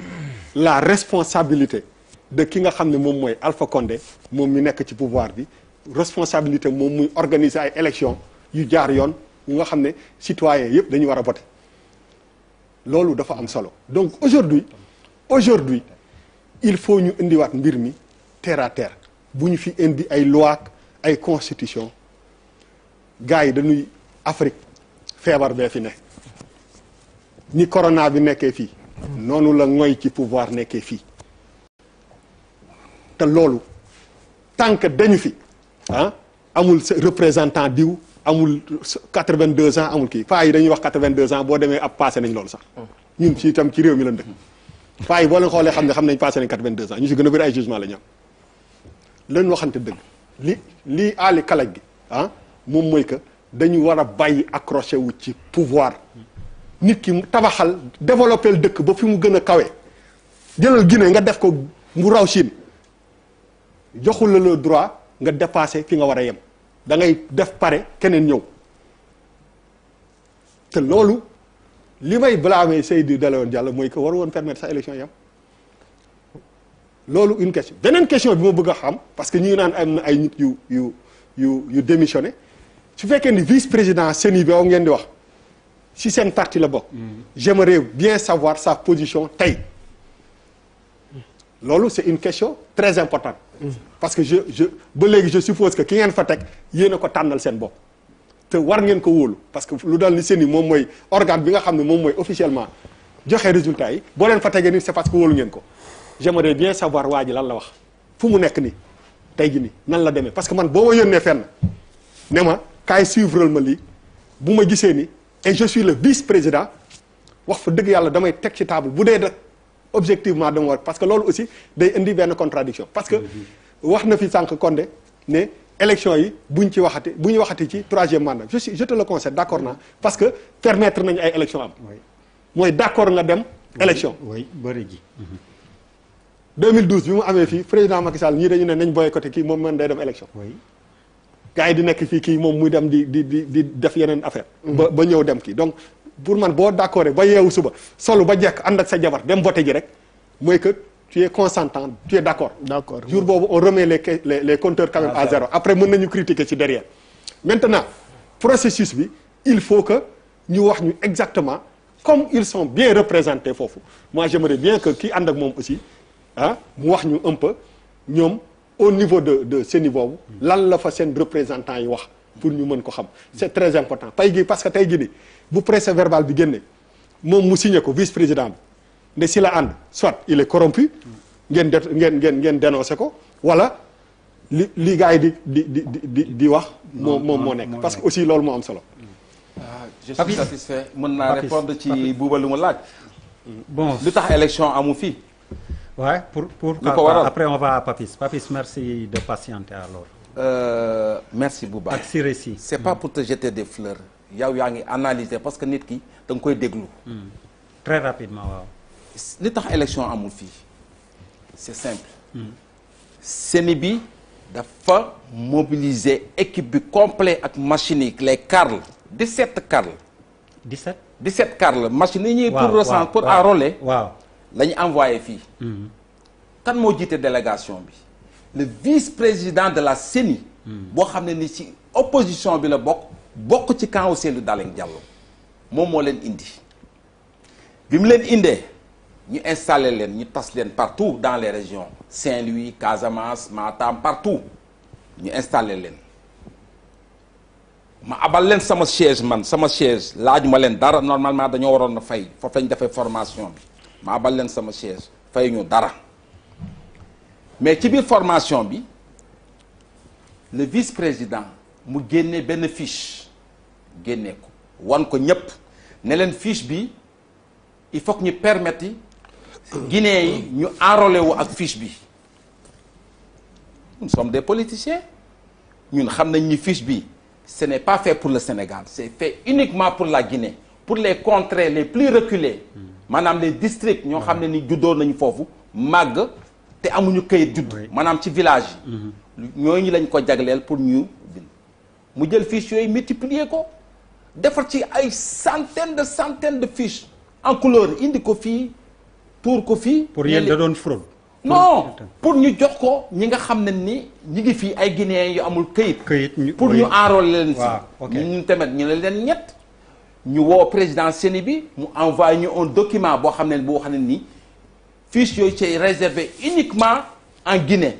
la responsabilité de ki nga xam ne moom mooy Alpha Condé moom mi nekk ci pouvoir bi responsabilité moom muy organiser ay élections yu jaar yoon yu nga xam ne citoyens yëpp dañu war a voter loolu dafa am solo donc aujourd'hui aujourd'hui il faut ñu indiwaat mbir mi terre à bu ñu fi indi ay loi ay constitution gars yi dañuy Afrique feebar bee fi ne ni corona bi nekkee fii noonu la ngoy ci pouvoir nekkee fii te loolu tant que dañu fi ah amul représentant diw amul 82 ans amul kii faa yi dañuy wax 82 ans boo demee ab passé nañ loolu sax ñun ci itam ci réew mi lan dëkk faa yi boo leen xoolee xam ne xam nañ passé nañ 82 ans ñu si gën a bëri ay jugement la ñu am waxante dëgg li lii aali kalaj gi ah moom mooy que dañu war a bàyyi accroché wu ci pouvoir nit ki tabaxal développé dëkk ba fi mu gën a kawee jëlal Guinée nga def ko mu raw Chine joxul la le droit nga dépassé fi nga war a yem da ngay def pare keneen ñëw te loolu li may blâmer Seydou Daleon Diallo mooy que war woon permettre sa élection yam loolu une question beneen question bi ma bëgg a xam parce que ñu ngi naan am na ay nit yu yu yu yu démissionné su fekkee ni vice président Séni bi ngeen di wax. si seen parti la bokk. j'aimerais bien savoir sa position tey loolu c'est une question très importante. parce que je ba léegi je suppose que ki ngeen fa teg yéen a ko tànnal seen bopp. te war ngeen ko wóolu parce que lu daal ni seen i moom mooy organ bi nga xam ne moom mooy officiellement joxe résultat yi boo leen fa tegee nii c'est parce que wóolu ngeen ko j'aimerais bien savoir waa ji lan la wax fu mu nekk nii tey ji nii nan la demee parce que man boo ma yónnee fenn ne ma kaay bu ma gisee ni et je suis le vice-président wax fa dëgg yàlla damay teg ci taabu bu dee nag objectivement dama war parce que loolu aussi day indi benn contradiction parce que wax na fi sànq Condé ne élection yi buñ ci waxati bu ñu waxati ci troisième mandat je suis je te le d'accord naa parce que permettre nañu ay élection am mooy d'accord nga dem élection bëri ji 2012 bi mu amee fii président Macky Sall ñii dañu ne nañ boycotté kii moom man day dem élection gars yi di nekk fii kii moom muy dem di di di di def yeneen affaire mm-hmm. ba ba ñëw dem kii donc pour man boo d'accord ba yeewu suba solo ba jekk ànd ak sa jabar dem voté ji rek mooy que tu es consentant tu es d'accord jour boobu on remet les les les compteurs quand même à ah, zéro après mën nañu critiquer ci derrière maintenant processus bi il faut que ñu wax ñu exactement comme ils sont bien représentés foofu moi j'aimerais bien que kii ànd ak moom aussi ah mu wax ñu un ñoom au niveau de de CENI boobu lan la fa seen représentant yi wax pour ñu mën ko xam c'est très important tey gi parce que tey gi ni bu procès verbal bi génne moom mu signé ko vice président bi nde si la ànd soit il est corrompu ngeen de ngeen ngeen ngeen dénoncé ko wala li li gars yi di di di di di wax moo moom moo nekk parce que aussi loolu moo am solo
ah, je suis satisfait mën naa répondre ci buuba lu mu laaj
bon lu tax
élection amu fii
waaye pour pour. lu ko waral après on va à Papis Papis merci de patienter alors.
Euh, merci bu baax ak Sirési. c'est pas pour te jeter des fleurs. yow yaa ngi analyser parce que nit ki da nga koy déglu.
Hmm. très rapidement waaw.
li tax élection amul fii c'est simple. Hmm. seni bi dafa mobiliser équipe bi complet ak machine yi les carles 17 carles. 17 17 carles machine yi ñuy pour recensé pour enrôler waaw. la envoyé fii. Mm-hmm. kan moo jiite délégation bi. le vice-président de la CENI. Mm-hmm. boo xam ne ni ci opposition bi la bokk. bokk ci camp Ousseynou Daleng Diallo moom moo leen indi bi mu leen indee ñu installé leen ñu tas leen partout dans les régions Saint-Louis Casamance Matam partout ñu installé leen ma abal leen sama siège man sama siège laaj ma leen dara normalement dañoo waroon a fay foofu lañ defee formation bi. ma bal leen sama chaise fay ñu dara mais ci biir formation bi le vice-président mu génne benn fiche génne ko wan ko ñépp ne leen fiche bi il faut ñu permettre Guinée yi ñu enrôlé wu ak fiche bi nous sommes des politiciens ñun xam nañ ñi fiche bi ce n'est pas fait pour le Sénégal c'est fait uniquement pour la Guinée pour les contrées les plus reculées maanaam les districts ñoo xam ne ni juddoo nañu foofu màgg te amuñu kayit judd maanaam ci village yi mhm. ñooñu lañ ko jagleel pour ñu bind mu jël fiche yooyu multiplier ko defar ci ay centaines de centaines de fiches en couleur indi ko fii tuur ko fii pour yéen da doon fraude non pour ñu jox ko ñi nga xam ne ni ñi ngi fii ay guinéens yu amul kayit pour ñu enrôler leen si ñun tamit ñu ne leen ñett ñu woo président CENI bi mu envoyé ñu un document boo xam ne boo xam ne nii fiche yooyu c'est réservé uniquement en Guinée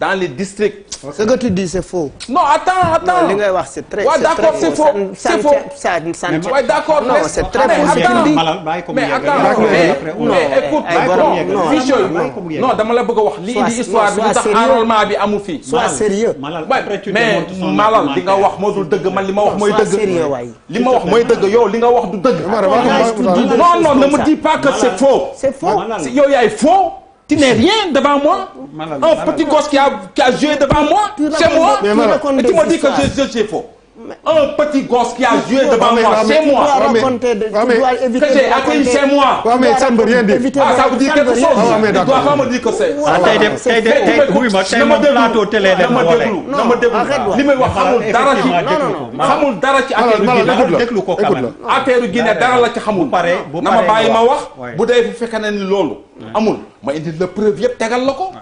dans les districts.
ce que tu dis c'est faux.
non attends attends li ngay wax c'est très ouais, c'est très faux
c'est faux ça ça ouais, d'accord non c'est très faux mais attends mais attends mais écoute non non dama la bëgg a wax li indi histoire bi lu tax enrôlement bi
amu fi. sois sérieux
mais malal li nga wax
moo dul dëgg man li ma wax mooy dëgg. li ma wax mooy dëgg yow li nga wax du dëgg. non non ne me dis pas que c'est faux. c'est faux yow yaay faux. tu n'es rien devant moi. petit gosse qui a qui a joué devant a joué devant moi c'est moi.
ne veut rien dire. ah ça veut dire quelque chose. il doit
de tey ma tey moom plateau li may wax xamul dara ci. xamul dara ci affaire déglu ko kala. affaire
Guinée dara la ci xamul. na bàyyi ma wax. bu dee bu fekkee ne ni loolu amul. ma indi la preuve yëpp tegal la ko.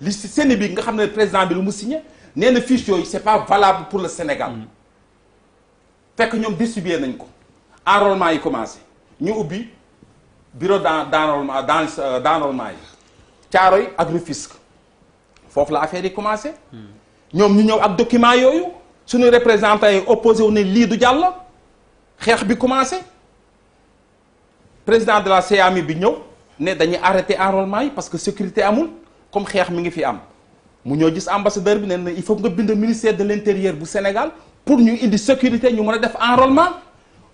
li si seni bi nga xam ne président bi lu mu signé nee na fiche yooyu c'est pas valable pour le Sénégal. Mm. fekk ñoom distribué nañ ko. enrôlement yi commencé ñu ubbi bureau dans enrôlement dans euh, enrôlement yi. caaro yi Rufisque foofu la affaire yi commencé. Mm. ñoom ñu ñëw ak document yooyu suñu représentant yi opposé wu ne lii du jàll xeex bi commencé président de la CAMI bi ñëw. ne dañuy arrêté enrôlement yi parce que sécurité amul comme xeex mi ngi fi am mu ñoo gis ambassadeur bi ne na il faut nga bind ministère de l' bu Sénégal pour ñu indi sécurité ñu mën a def enrôlement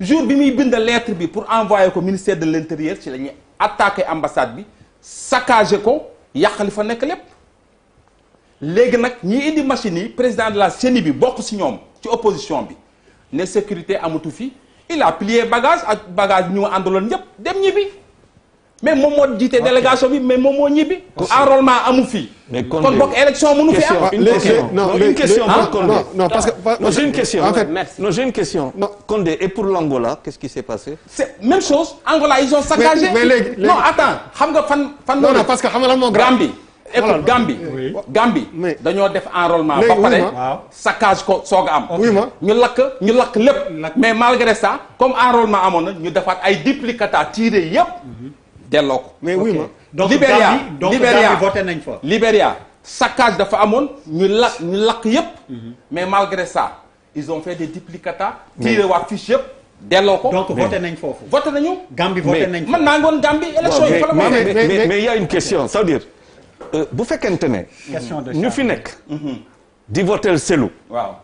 jour bi muy bind lettre bi pour envoyé ko ministère de l' intérieur ci la ñuy attaqué ambassade bi saccagé ko yàq li fa nekk lépp léegi nag ñi indi machine yi président de la CENI bi bokk si ñoom ci opposition bi ne sécurité amatu fi il a bagage ak bagage ñu àndaloon ñëpp dem ñibbi. mais moom moo jiite délégation bi mais moom moo ñibbi. enrôlement amu fi.
kon bokk élection mënu fi am. Ah, une question non une question pour que non j'ai une question. en fait non j'ai une question. non Condé et pour l'Angola qu'est-ce qui s'est passé. c'est
même chose Angola ils ont saccagé. mais léegi non attends xam nga fan. fan non non parce que xam dañoo def enrôlement. ba pare saccage ko soog a am. ñu lakk ñu lakk lépp. mais malgré ça comme enrôlement amoon na ñu defaat ay duplicata tiré yëpp.
Mhm. delloo ko. mais oui ma
donc Libéria donc Libéria voté nañ fa. saccage dafa amoon ñu lakk ñu lakk yépp mhm. mais malgré sa ils ont fait des duplicata. tiré waa fiche yépp delloo ko donc voté nañ foofu. voté nañu. Gambie voté nañ man maa ngi woon Gambie élection mais mais mais y a
une question c'est-à-dire euh, bu fekkente ne. question de ñu fi nekk. Mhm. di votel selu waaw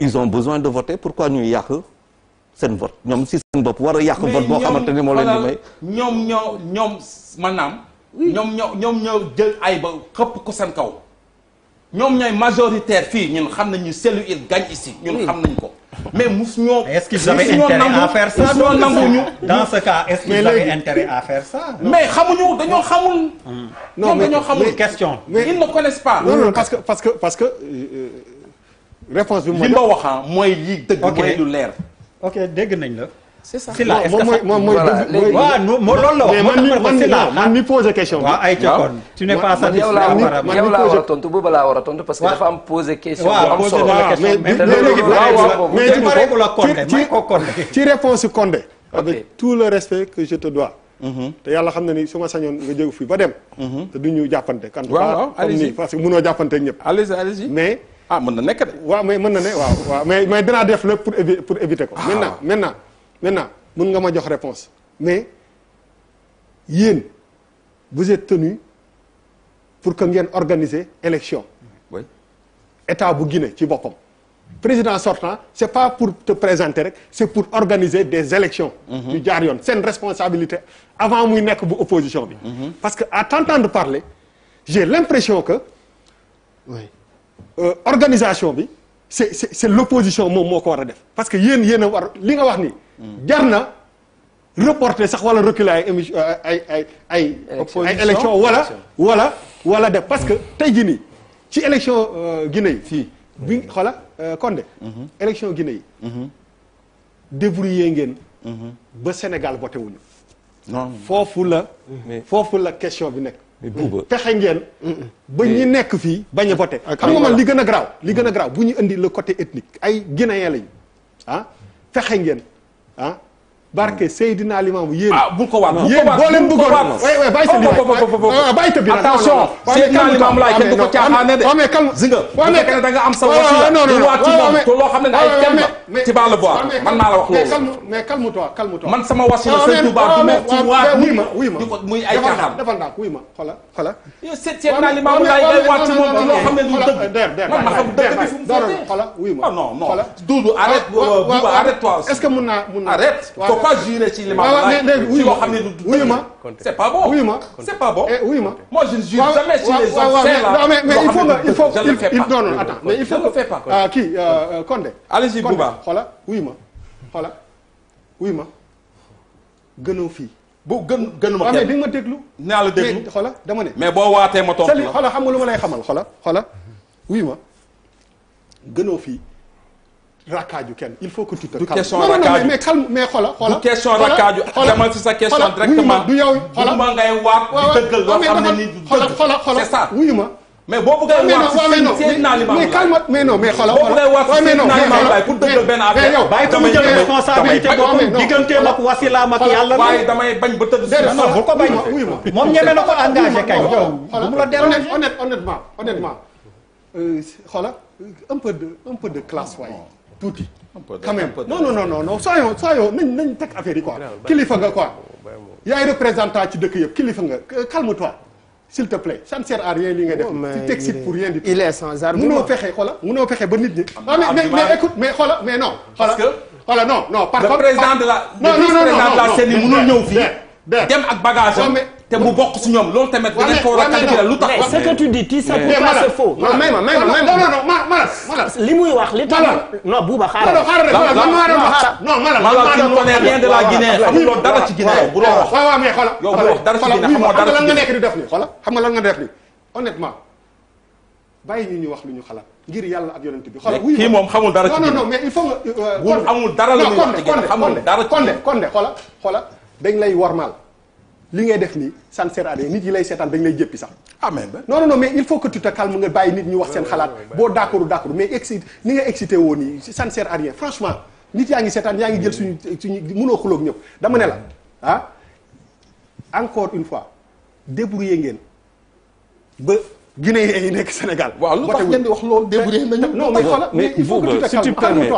ils ont besoin de voter pourquoi ñu yàq. seen vote ñoom si seen bopp war a yàqu vote boo xamante ni moo leen may
ñoom ñoo ñoom maanaam ñoom ñoo ñoom ñoo jël ay ba xëpp ko seen kaw ñoom ñooy majoritaire fii ñun xam nañu cellule il gagne ici ñun nañ ko mais mus ñoo
est-ce qu'ils avaient intérêt à faire ça ñoo nangu ñu dans ce cas est-ce dañoo xamul hmm. ñoom dañoo xamul question
ils ne connaissent pas non parce que
parce que parce que euh, euh, réponse bi li ma ah, mooy lii dëgg mooy lu leer
ok dégg nañ la. c'est ça si la est-ce la wax
man mi posé question bi. waaw ay cokkoon tu n'es pas satisfait man yow laa war a
tontu boobu laa war a tontu parce que dafa am posé question. bu am solo mais bi léegi
ci ci réponse Condé. avec tout le respect que je te dois. Mhm. te yàlla xam na ni su ma sañoon nga jóg fii ba dem. Mhm. te du ñu jàppante. kan comme ni parce que mënoo jàppante ak ah mën na nekk de. waaw mais mën na ne waaw waaw mais mais dinaa def lépp pour évi pour éviter ko. Ah. maintenant maintenant maintenant mun nga ma jox réponse mais yéen vous êtes tenu pour que ngeen organiser élection. oui état bu Guinée ci boppam. président sortant c'est pas pour te présenter rek c'est pour organiser des élections mhm. ñu jaar yoon seen responsabilité avant muy nekk bu opposition bi. Mhm. parce que à t'entendre parler j'ai l'impression que. oui. Euh, organisation bi c'est c'est c'est l'opposition moom moo ko war a def parce que yéen yéen war li nga wax ni hmm. jar na reporter sax wala reculer ay émission ay euh, ay ay ay élection wala wala wala def parce que tey jii nii ci élection euh, Guinée yi fii bi hmm. xoola Condé hmm. élection Guinée yi débrouillé ngeen ba Sénégal voté wuñu foofu la foofu la question bi nekk buuba pexe ngeen. ba ñu nekk fii bañ a voté. xam nga man li gën a garaaw li gën a garaaw bu ñu indi le côté ethnique ay guinéen lañu ah fexe ngeen ah. barke Seydina Limamou yéen. ah bu ko waat yéen boo leen bëggoon waaye eh, eh, bàyyi sa biir ah, bàyyi sa biir attention ah, Seydina Limamou laay kenn du ko ah, caaxaane de. mais calme si nga bu fekkee ne da nga am sa wasila. non non non te loo xam ne ay kenn ci baa la voir man maa la wax loolu. mais calme toi calme toi. man sama wasila sëñ Touba du ma ci waat nii ma di ko muy ay caaxaan. defal naa wuy ma xoolal xoolal. yow Seydina Limamou laay ngay waat ci moom ci loo xam ne du
dëgg. man ma xam dëgg bi fu mu footee. xoolal wuy ma non non Doudou arrête Doudou arrête toi aussi. est-ce que mun naa mun naa arrête pas jurer ci li ma. voilà loo xam ne du. wuyu ma c'est pas
bon wuyu ma c'est pas bon. wuyu eh, ma moi je ne jure jamais ci les gens. mais mais il faut nga il faut il non non attends mais il faut que. ah kii euh, euh, Condé. allez-y Bouba xoola wuyu ma xoola wuyu ma gënoo fii. bu gën gënu ah, ma kenn mais di nga ma déglu. naa la déglu mais xoola dama ne. mais boo waatee ma tontu la xoola xam nga lu ma lay xamal xoola xoola wuyu ma gënoo fii. rakkaaju kenn il faut que tu te calmes. du question rakkaaju mais calme mais xoola xoola. du question rakkaaju demal si sa question directement du yow xoola bu ma
ngay waat di dëggal loo xam ne nii du dëgg c'est ça wuyu ma. mais boobu ngay waat si seen naa li ma mais
calme mais non mais xoola boobu ngay waat si seen naa li ma pour dëggal benn affaire. bàyyi ko mu jël responsabilité boobu digganteem ak wasilaam ak yàlla. waaye damay
bañ ba tëdd si non bu ko bañ
wuyu ma moom ñeme na ko engagé kay. bu mu la déranger honnêtement honnêtement euh, xoola euh, un peu de un peu de classe waaye tuuti.
quand même non non non
non non soyons soyons nañ nañ teg affaire kilifa nga quoi. yaay représentant ci dëkk yëpp kilifa nga calme toi. s'il te plaît ça ne sert li nga def. tu t'excites pour rien du tout. il est sans argument munoo fexe xoola munoo fexe ah, mais mais mais écoute mais xoola mais non. parce que non non. par contre non non non non non non non non non non non
non non te mu bokk si ñoom loolu tamit dinañ ko war a calculer lu tax. mais ce que tu dis tu sais pourquoi c'est faux. non mais ma mais ma non non
Malas. li muy wax li tax. non Bouba xaaral.
non Malas Malas tu ne connais rien de la Guinée xamuloo dara ci Guinée.
bu doon wax waaw waaw mais xoolal. yow bu wax dara ci Guinée xamoo dara ci Guinée. xam nga lan nga nekk di def nii xoolal xam nga lan nga def nii honnêtement bàyyi ñu ñu wax lu ñu xalaat ngir yàlla ak yonent bi xoolal kii moom xamul dara ci Guinée non non mais il faut nga. Euh, amul dara la muy wax ci Guinée xamul dara ci Guinée. Condé Condé xoola xoola dañ lay warmaal li ngay def nii ça ne nit yi lay seetaan dañ lay jëppi sax. amen non non mais il faut que tu te calmes nga bàyyi nit ñu wax seen xalaat boo d' accord d' accord mais excité ni nga excité woon nii ça ne sert franchement nit yaa ngi seetaan yaa ngi jël suñu suñu mënoo xuloog dama ne la ah, encore une fois débrouillé ngeen ba. Guinéens yi nekk Sénégal. waaw lu tax ngeen di wax loolu débrouillé nañu. non mais xoolal mais il faut que tu te calmes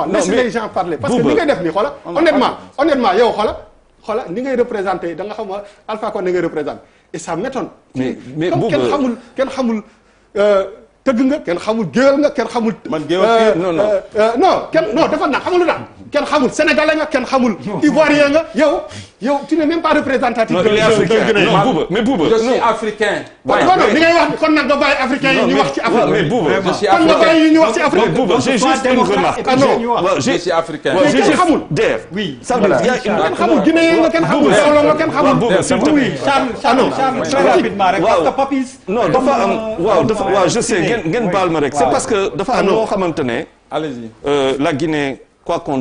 calme toi xoola ni ngay représenté da nga xam ma Alpha Condé ngay représenté et ça m'étonne mais mais kenn xamul kenn xamul euh, tëgg nga kenn xamul géwél nga kenn xamul. man géwél euh, non non. Euh, euh, non kenn non dafa naan xamul daal kenn xamul sénégalais nga kenn xamul. ivoirien nga yow. yow tu n'es même pas représentatif. de l'Afrique
mais Bouba je suis africain. waaye non li ngay wax
kon nag nga bàyyi africain yi ñu wax ci Afrique. mais Bouba
je suis africain kon nga bàyyi ñu wax ci Afrique. mais Bouba j'ai juste une remarque. Ah je suis africain. mais kenn xamul.
oui voilà kenn xamul guinéen nga kenn xamul. solo nga kenn xamul. Bouba s'il te plaît. Charles Charles très rapidement rek parce que Papis. non dafa am waaw dafa waaw je sais ngeen ngeen baal ma rek c'est parce que dafa am loo xamante ne allez-y euh, la Guinée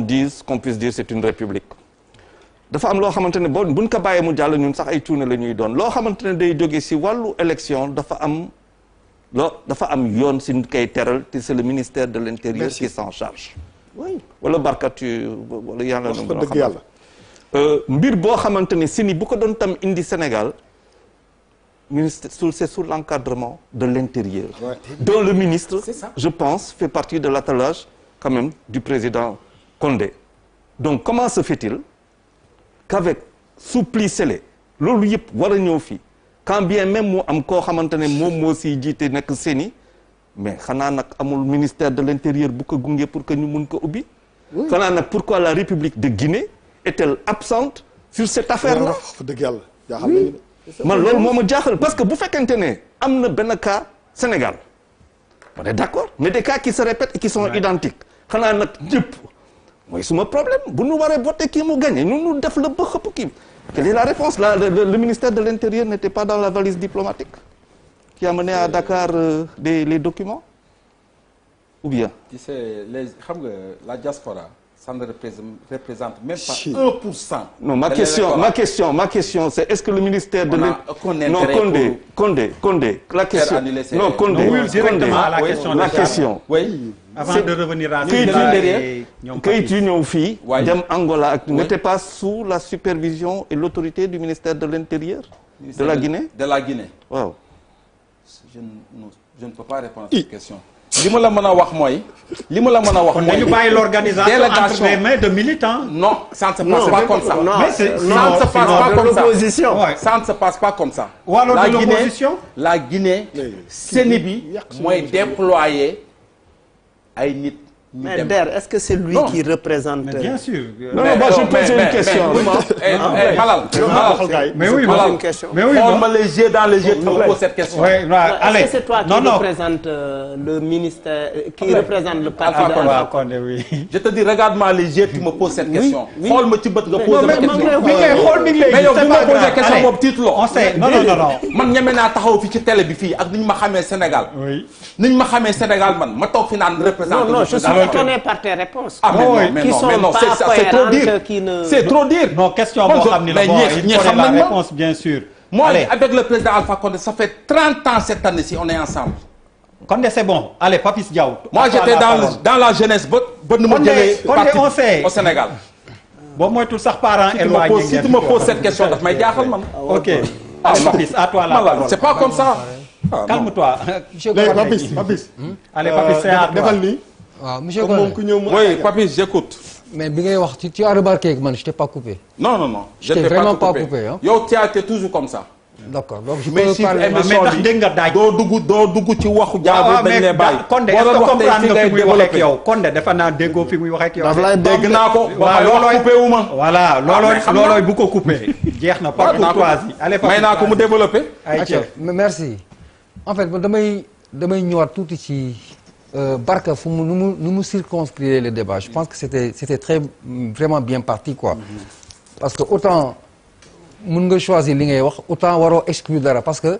dise qu'on puisse dire c'est une dafa am loo xamante ne boo buñ ko bàyyee mu jàll ñun sax ay tournée la ñuy doon loo xamante ne day jóge si wàllu élection dafa am loo dafa am yoon si ñu koy teral te c'est le ministère de l'intérieur qui s'en charge oui wala barkatu wala yàlla na euh, mbir boo xamante ne si ni bu ko doon tam indi Sénégal ministre c'est sur l'encadrement de l'intérieur ouais. dont le ministre je pense fait partie de l'attelage quand même du président Condé donc comment se fait-il qu'avec Soupli Sélé loolu yëpp war a ñëw fii quand bien même mu am koo xamante ne moom moo si jiite nekk seeni mais xanaa nag amul ministère de l'intérieur bu ko gunge pour que ñu mun ko ubbi xanaa nag pourquoi la République de Guinée est-elle absente sur cette affaire-là
dëgg yàlla man loolu moo ma
jaaxal parce que bu fekkente ne am na benn cas Sénégal on est d'accord mais des cas qui se répètent et qui sont identiques xanaa nag ñëpp mooy suma problème bu nu waree voté kii mu gagné ñun ñu def la ba xëpp kii quelle est la réponse la le, le ministère de l'intérieur n'était pas dans la valise diplomatique qui a mené à euh, Dakar euh, des les documents ou bien
les xam nga la diaspora ça ne
représente même pas 1 pour cent. non ma question ma question ma question c'est est-ce que le ministère de. non Condé Condé Condé. la question non Condé Condé la question. oui avant de revenir à. këyit yu ñëw fii. dem Angola ak n'était pas sous la supervision et l'autorité du ministère de l'intérieur. de la Guinée de la Guinée. waaw.
je ne je ne peux pas répondre à cette question. li ma la mën a wax mooy. li ma la mën a wax mooy. dañu bàyyi l'organisation entre les mains de militants. non ça ne se passe pas comme ça. non ça ne se passe pas comme ça. ça ne se passe pas comme ça. la Guinée la Guinée. Séni bi mooy déployer
ay nit. mais Der est-ce que c'est lui non. qui représente. Mais bien sûr. Euh, non non moi je pose une question. mais oui ma une question. mais oui ma les
yeux dans les yeux. te pose cette question. oui allez est-ce que c'est toi qui euh, euh,
représente le ministère. qui représente le parti de Alpha
Condé oui. je te dis regarde-moi les yeux tu me poses cette question. xool ma ci bët nga posé. mais non non non non man ñeme naa taxaw fi ci télé bi fii ak ni ñu ma xamee Sénégal. oui ni ñu ma xamee Sénégal man ma toog fi naan représenté. quand on
est par tes réponses. ah mais non
c'est trop dire question boo ni la bon il connaît la réponse bien sûr. avec le président Alpha Condé ça fait ans cette année ci on est ensemble. Condé bon allez Papis
Diaw. moi j'étais dans
la jeunesse ba ba nu ma jëlee. parti au Sénégal.
boo moytul sax parents éloignés si tu me poses cette question daf may jaaxal man. ok ah
Papis à toi la parole c'est pas ah, toi
je Papis Papis.
Euh, c'est à toi waaw monsieur Kone moom ku ñëw mooy papi j'écoute. mais bi ngay wax tu as remarqué que man je t'ai pas coupé. non non non je t'ai pas coupé
yow tu as toujours comme ça.
d'accord donc je
ah,
dégg nga daaj doo dugg doo dugg ci waxu ah, jaabur dañ lay bàyyi Konde est-ce que
comprendre naa déggoo fi muy wax ak yow daf dégg naa ko waaw loolooy coupé wu ma voilà ah, loolooy bu ko coupé jeex na
par courtoisie allez may naa ko mu développé
merci en fait man damay damay ñëwaat tuuti ci Euh, Barca fu mu nu mu nu mu le débat je pense que c'était vraiment bien parti quoi parce que autant mun nga choisir li ngay wax autant waroo exclure dara parce que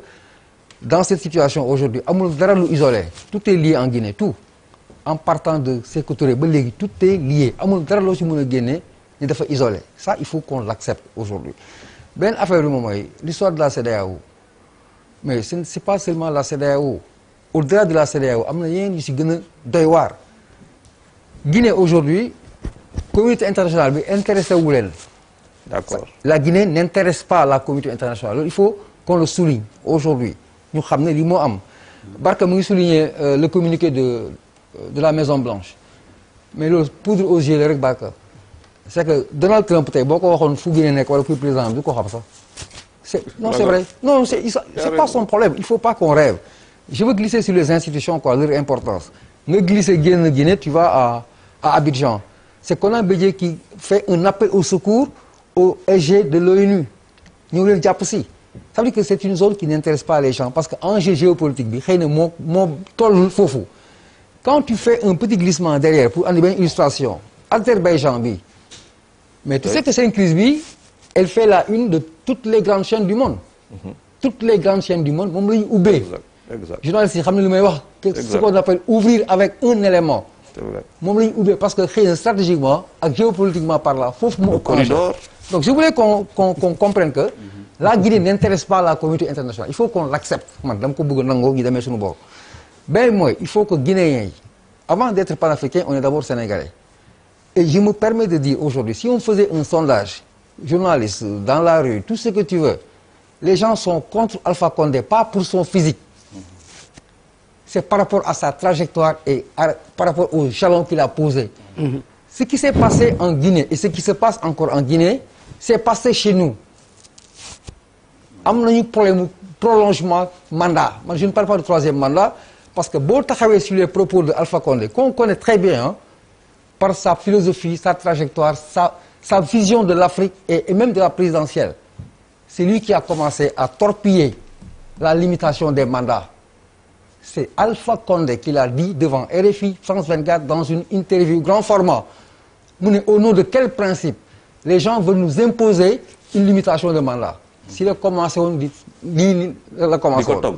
dans cette situation aujourd'hui amul dara lu isolé tout est lié en Guinée tout en partant de Sékou Touré ba léegi tout est lié amul dara loo ci mën a génnee ni dafa isolé ça il faut qu'on l'accepte aujourd'hui benn affaire bi moom mooy l'histoire de la CEDEAO mais ce n'est pas seulement la CEDEAO au-delà de la CEDEAO am na yeneen yu si gën a doy waar Guinée aujourd'hui communauté internationale bi intéressé wu leen d'accord la Guinée n'intéresse pas la communauté internationale loolu il faut qu'on le souligne aujourd'hui ñu xam ne li moo am Barka mu ngi souligner euh, le communiqué de euh, de la Maison Blanche mais loolu poudre aux yeux la rek Barka c'est que Donald Trump tey boo ko waxoon fu Guinée nekk wala kuy président du ko xam sax c'est non c'est ah pas son problème il faut pas qu'on rêve je veux glisser sur les institutions quoi leur importance nga glisser génn Guinée tu vas à à Abidjan c'est Konan Bédié qui fait un appel au secours au EG de l'ONU ñëw leen jàpp si ça veut dire que c'est une zone qui n'intéresse pas les gens parce que enjeu géopolitique bi xëy na moo moo toll foofu quand tu fais un petit glissement derrière pour andi benn illustration Azerbaïdjan bi mais tu sais que seen crise bi elle fait la une de toutes les grandes chaînes du monde mhm. toutes les grandes chaînes moom la ñu ubbee exact journaliste yi xam ne lu may wax. ce qu'on appelle ouvrir avec un élément. c'est vrai moom la ñu ubbee parce que xëy na stratégiquement ak géopolitiquement parlant foofu moo. corridor donc je voulais qu'on qu'on qu'on que. Mhm. la Guinée n'intéresse pas la communauté internationale il faut qu'on l'accepte man dama ko bëgg a nangoo ñu demee suñu bopp. benn mooy il faut que guinéens yi avant d'être panafricain on est d'abord sénégalais et je me permets de dire aujourd'hui si on un sondage journaliste dans la rue tout ce que tu veux pour son physique. c'est par rapport à sa trajectoire et à, par rapport aux jalons qu'il a posés. Mmh. Ce qui s'est passé en Guinée et ce qui se passe encore en Guinée, c'est passé chez nous. am nañu problème prolongement mandat man je ne parle pas de troisième mandat parce que boo taxawee sur les propos de Alpha Condé qu'on connaît très bien hein, par sa philosophie sa trajectoire sa sa vision de l'Afrique et, et même de la présidentielle c'est lui qui a commencé à torpiller la limitation des mandats c'est Alpha Condé qui l'a dit devant RFI France 24 dans une interview grand format mu ne au nom de quel principe les gens veulent nous imposer une limitation de mandat si la commencé woon di lii la commencé woon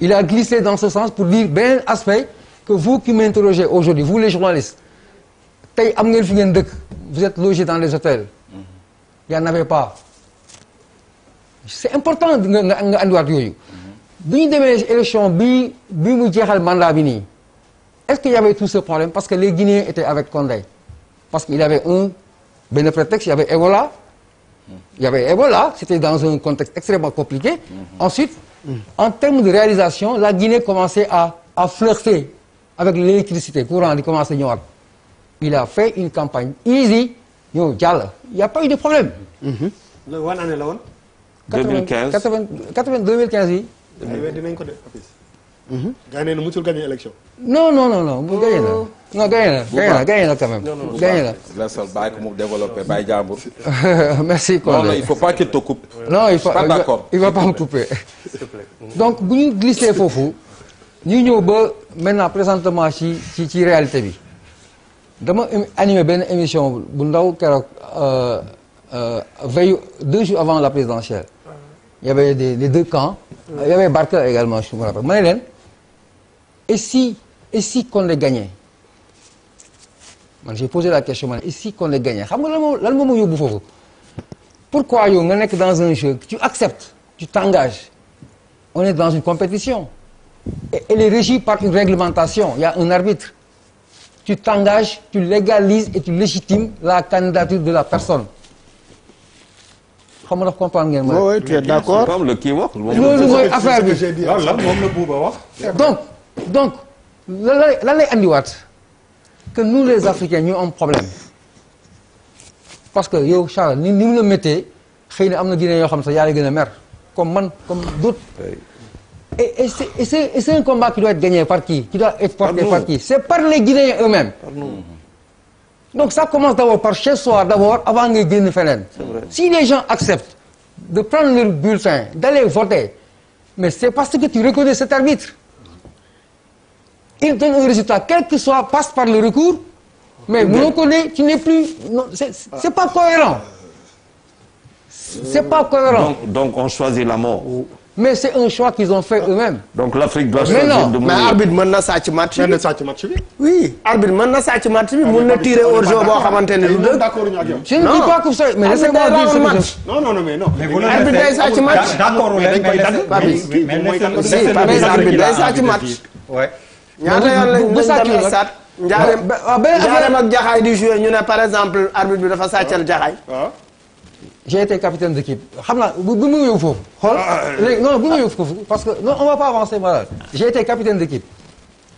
il a glissé dans ce sens pour dire beneen aspect que vous qui m'interrogez aujourd'hui vous les journalistes tey am ngeen fi ngeen dëkk vous êtes logés dans les hôtels il y en avait pas c'est important nga nga andiwaat yooyu bi ñu demee élection bi bi mu jeexal mandat bi nii est-ce qu'il y avait tout ce problème parce que le Guinéens étaient avec Condé parce qu'il y avait un benn prétexte il y avait Ebola il y avait Ebola c'était dans un contexte extrêmement compliqué mm-hmm. ensuite mm-hmm. en termes de réalisation la Guinée commençait à à flirter avec l'électricité courant di commencé ñëwaat il a fait une campagne easy yow jal il y a pas eu de problème. Mm-hmm. loolu wan année la woon. 2015 80 80 dinañ
ko mhm.
non non non non bu na. Oh. non na gagné na gagné na
na ko
mu développé bàyyi jàmbur.
merci Condé non il faut pas qu'il
te coupe. non il faut pas d'accord il va
donc bu ñu glissé foofu. ñu ñëw ba maintenant présentement ci ci ci réalité bi dama animé benn émission bu ndaw keroog euh, euh, veille deux jours avant la présidentielle. y avait des les deux camps. il y avait Barker également je me rappelle ma ne leen et si et si Condé gagnait man j'ai posé la question man et si Condé gagnait xam nga lan moo lan moo ma yóbbu foofu pourquoi yow nga nekk dans un jeu tu acceptes tu t'engages on est dans une compétition et elle régis régie par une réglementation il y a un arbitre tu t'engages tu légalises et tu légitimes la candidature de la personne xam nga ndax comprendre ngeen mooy. oui tu es d'accord
loolu mooy affaire
lan donc donc lan lay lan lay andiwaat que nous les Africains ñu am problème parce que yow Charles ni ni mu la xëy na am na Guinée yoo xam sax yaa ngi gën a mer comme man comme d'autres. et et c'est et c'est un combat qui doit être gagné par qui qui doit par qui c'est par les Guinéens eux-mêmes. donc ça commence d'abord par chez soi d'abord avant ngay génn feneen si les gens acceptent de prendre leur bulletin d'aller voter mais c'est parce que tu reconnais cet arbitre il donne un résultat quel soit passe par le recours mais mënoo ko ne tu n'es plus non c'est pas cohérent c'est pas cohérent
donc, donc on choisit la mort mais c'est un choix qu'ils ont fait eux-mêmes. donc mais arbitre mën na sàcc
match bi arbitre mën na sàcc match bi mën na tirer hors-jeu boo xamante ne lu dëgg. d'accord
ñu ak yow. ne dis pas que ça mais arbitre day sàcc match. d'accord mais day sàcc match.
waay.
ñaata yoon lañ bu sàccul rek Njaareem ak Jaxaay di jouer ñu ne par exemple arbitre bi dafa sàccal Jaxaay.
j'ai été capitaine d'équipe xam naa bu bu mu ñëw foofu. xool ah, ah, ah. parce que non on va pas avancer voilà. j'ai été capitaine d'équipe.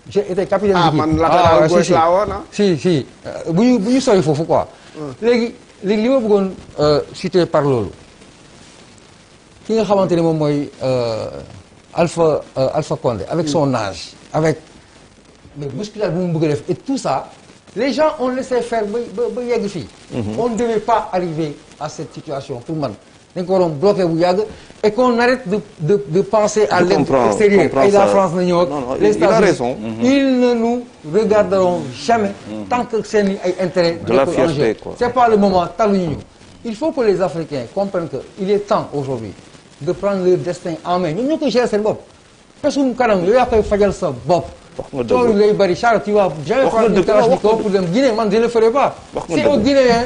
j'ai été capitaine d'équipe man latéral gauche laa si si euh, bu ñu bu ñu sori foofu quoi. Hmm. léegi léegi li ma bëggoon euh, citer par loolu ki nga xamante ne moom mooy euh, Alpha Alpha Condé. avec hmm. son âge avec mais bousculade bu mu bëgg a def et tout ça les gens ont laissé faire ba ba ba hmm. on ne devait pas arriver. à cette situation pour man dañ ko waroon bloqué bu yàgg et qu'on arrête de de de penser à l'extérieur et la France na ñëw ak mm-hmm. ne nous regarderont mm-hmm. jamais mm-hmm. tant que seeni ay intérêt de la fierté quoi c'est pas le moment taluñu ñu il faut que les Africains comprennent que il est temps aujourd'hui de prendre leur destin en main ñoom ñoo koy gérer seen bopp pesum kanam yow yaa koy fajal sa bopp coow lay bëri Charles tu vas jamais prendre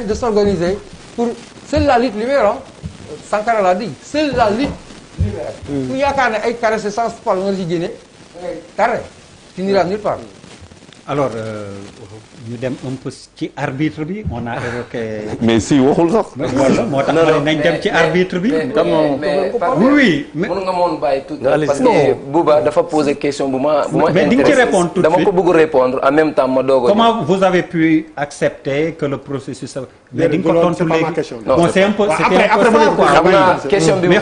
de s'organiser pour seule la lutte libère ah Sankara l'a dit seule la lutte libère. Hmm. ku yaakaar ne ay caresse sans parole nga ci génne. carré tu nulle part.
alors. Euh, ñu dem un peu ci arbitre bi on a évoqué.
mais
si waxul sax.
wala moo tax nañ dem ci arbitre bi. mais oui
mais mën nga moon bàyyi tout parce que Bouba dafa poser question bu ma. bu ma intéressé dama ko bëgg répondre en même temps ma doog comment
vous avez pu accepter que le processus. mais
di xam naa question bi mu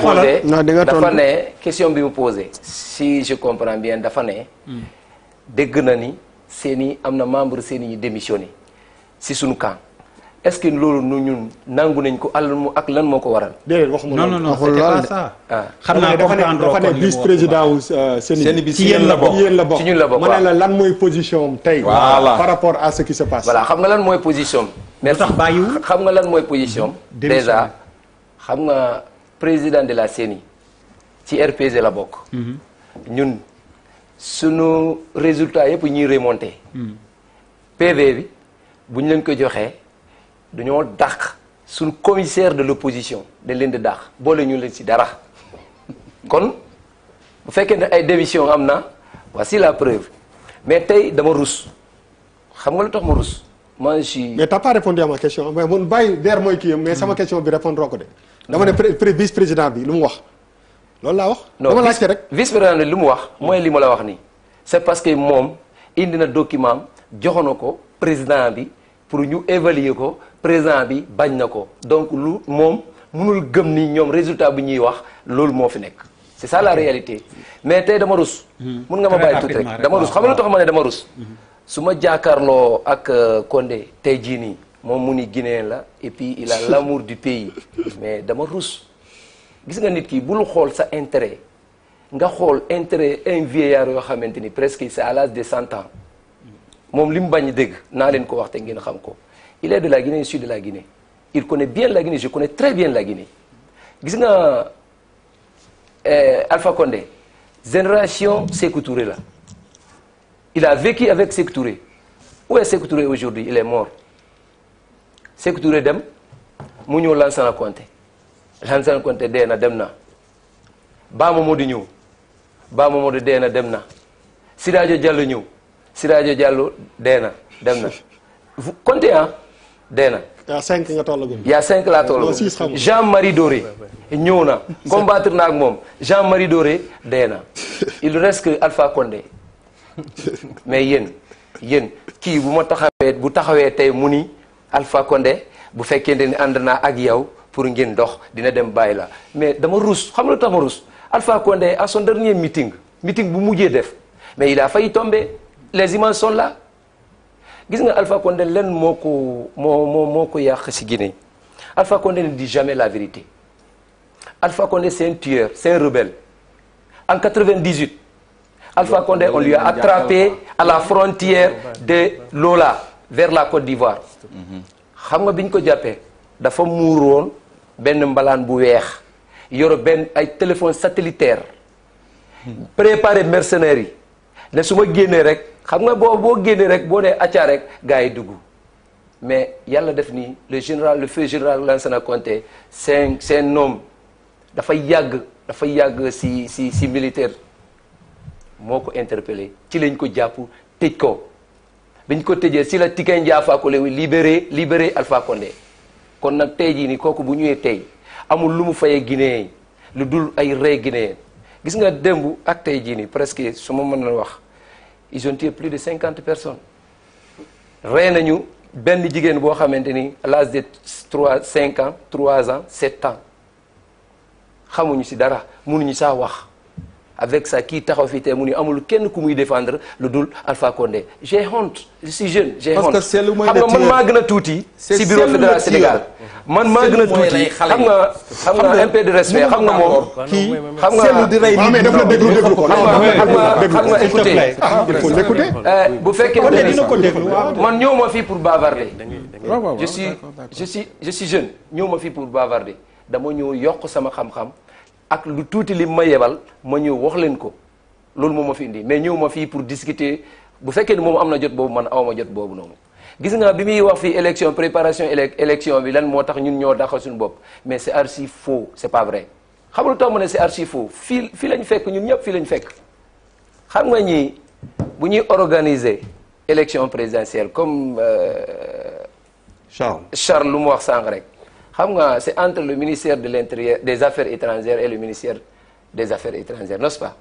posé dafa ne question posé si je comprends bien dafa ne hmm. dégg na ni. seeni am na membre seeni ñu démissionné si suñu camp est ce que loolu nu ñun nangu nañ ko alal mu ak lan moo ko waral. déedéet waxuma non non non c'était pas ah. xam ne vice président
wu euh, seen bi ci yéen la ñun la bokk ma ne la lan mooy position am tey. par rapport à ce qui se passe. voilà xam
nga lan mooy position am. merci tax bàyyiwul xam nga lan mooy position am. Mm-hmm. déjà xam nga président de la seeni ci RPG la bokk. Mm-hmm. ñun sunu résultat yëpp ñuy remonté. Hmm. PV bi bu ñu leen ko joxee dañoo dàq sunu commissaire de l'opposition dañ leen di dàq boole ñu leen si dara kon bu fekkee ne ay démission am na voici la preuve mais tey dama rus xam nga lu tax ma rus. man si
mais t'as pas répondu a ma question mais man bàyyi der mooy kii mais sama hmm. question bi répondre ko de. dama ne vice président bi lu mu wax.
loolu laa wax. dama laajte rek vice président li mu wax mooy li ma la wax nii. c'est parce que moom indi na document joxoon na ko président bi pour ñu évaluer ko président bi bañ na ko donc lu moom mënul gëm nii ñoom résultat bi ñuy wax loolu moo fi nekk. c'est ça la réalité mais tey dama rus. Hmm. mun nga ma bàyyi tuuti rek dama rus xam nga lu tax ne dama rus. Hmm. su ma jàkkaarloo ak euh, Condé tey jii nii moom mu ni Guinéen la et puis il a l'amour du pays mais dama rus. gis nga nit kii bul xool sa intérêt nga xool intérêt un vieillard yoo xamante ni presque c'est à l'âge de cent ans moom li mu bañ dégg naa leen ko wax te ngeen xam ko il est de la Guinée je suis de la Guinée il connaît bien la Guinée je connais très bien la Guinée gis nga eh, Alpha Condé génération Sékou Touré la il a vécu avec Sékou Touré où est Sékou Touré aujourd'hui il est mort Sékou Touré dem mu ñëw Lansana Conté Lansana Conté dee na dem na baa Ba Mamadou ñëw Ba Mamadou dee na dem na Sidadio jàll ñëw Sidadio Diallo dee na dem na Conté ah dee na.
yaa cinq nga tollagum. yaa
cinq laa tollagum Jean Marie Doré ñëw na combattre na ak moom Jean Marie Doré dee na il reste que Alpha Condé mais yéen yéen kii bu ma taxawee bu taxawee tey mu ni Alpha Condé bu fekkente ni ànd naa ak yow. pour ngeen dox dina dem bàyyi la mais dama ruus xam nga tama tax ma ruus Alpha Condé à son dernier meeting meeting bu mujjee def mais il a failli tombe les images sont là nga Alpha Condé moo ko moo moo ko yàq si Guinée Alpha Condé ne dit jamais la vérité Alpha Condé c'est un tueur c'est un rebelle en 98 Alpha Condé on lui a attrapé à la frontière de Lola vers la Côte d'Ivoire xam nga bi ñu ko jàppee dafa muur woon benn mbalaan bu weex yoro benn ay téléphone satellitaire préparé mercenaires yi ne su ma génnee rek xam nga boo boo génnee rek boo nee acca rek gars yi dugg mais yàlla def nii le général le feu général a Conté seen seen noom dafay yàgg dafay yàgg si si si militaire moo ko interpellé ci lañ ko jàpp tëj ko biñ ko tëjee si la Tiken Jah Fakoly libéré libéré Alpha Condé kon nag tey jii nii kooku bu ñëwee tey amul lu mu fayee Guinéen lu dul ay rey Guinéen gis nga démb ak tey jii nii presque su ma mën na wax ils ont tué plus de cinquante personnes rey nañu benn jigéen boo xamante ni à l'âge de trois cinq ans trois ans sept ans xamuñu si dara mënuñu saa wax avec ça kii taxaw fi tey mu ni amul kenn ku muy défendre lu dul Alpha Condé j'ai honte je suis jeune j'ai honte xam nga man maa gën a tuuti si bureau fédéral Sénégal man maa gën a tuuti xam nga xam nga un peu de respect xam nga moom xam
nga sellu di rey nit daf la déglu déglu ko xam nga xam nga écouter il
faut euh, ah, man ñëw ma fii pour bavarder je suis je suis je suis jeune ñëw ma fii pour bavarder dama ñëw yokk sama xam-xam ak lu tuuti li ma yebal ma ñëw wax leen ko loolu moom ma fi indi mais ñëw ma fii pour discuter bu fekkee ni moom am na jot boobu man awma jot boobu noonu gis nga bi muy wax fii élection préparation élection bi lan moo tax ñun ñoo daxal bopp mais c'est archi faux c'est pas vrai xam nga lu tax ma ne c'est archi fii fii lañ fekk ñun ñëpp fii lañ xam nga ñii bu ñuy organiser élection présidentielle comme euh, Charles Charles lu mu wax sànq rek xam nga c'est entre le ministère de l'intérieur des affaires étrangères et le ministère des affaires étrangères n'est-ce pas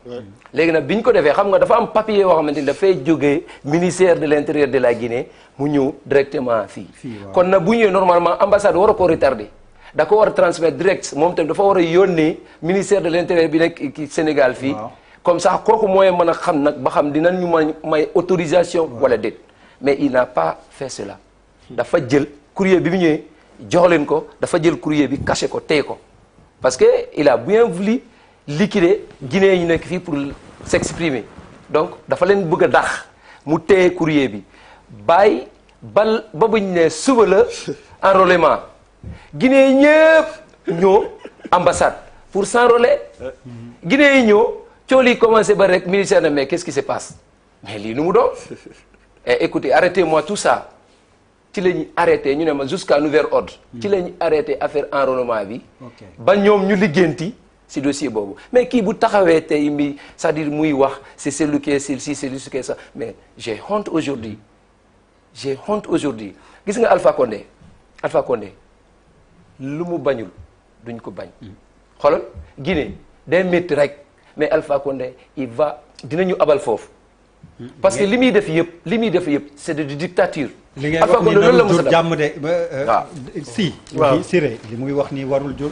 léegi nag bi ko defee xam nga dafa am papier yoo xamante dafay jógee ministère de l'intérieur de la Guinée mu ñëw directement fii kon nag bu ñëwee normalement ambassade war a ko retardé da ko war a transmettre direct moom tam dafa war a yónnee ministère de l'intérieur bi nag ki Sénégal fii comme sax kooku mooy mën a xam nag ba xam dinañ ñu ma may autorisation wala déet mais il pas fait cela dafa jël courrier bi mu ñëwee jox leen ko dafa jël courrier bi caché ko tey ko parce que il a bien voulu liquider guinéen yi nekk fii pour s'exprimer donc dafa leen bëgg a dax mu téye courrier bi bay bal ba buñ ne suba la enrôlement guinéen yi ñëpp ñoo ambassade pour s'enrôler guinéen yi ñëw coow li commencé ba rek ministère na mais qu'est-ce qui se passe mais lii nu mu doon eh, écoutez arrêtez-moi tout ça ci la ñuy arrêté ñu ne ma jusqu'à nouvel ordre. ci hmm. la ñuy arrêté affaire enrôlement bi. ba ñoom ñu liggéenti si dossier boobu mais kii bu taxawee tey mi cest à muy wax c'est celui lu est ci c'est celui qui est ça mais j'ai honte aujourd'hui j'ai honte aujourd'hui gis nga Alpha Condé Alpha Condé lu mu bañul duñ ko bañ. Hmm. xoolal Guinée day métti rek mais Alpha Condé il va dinañu abal foofu. Hmm. parce que li muy def yëpp li muy def yëpp c'est de dictature. li ngay wax ni jur jàmm de
euh, ah. si. waaw li muy wax ni warul jur.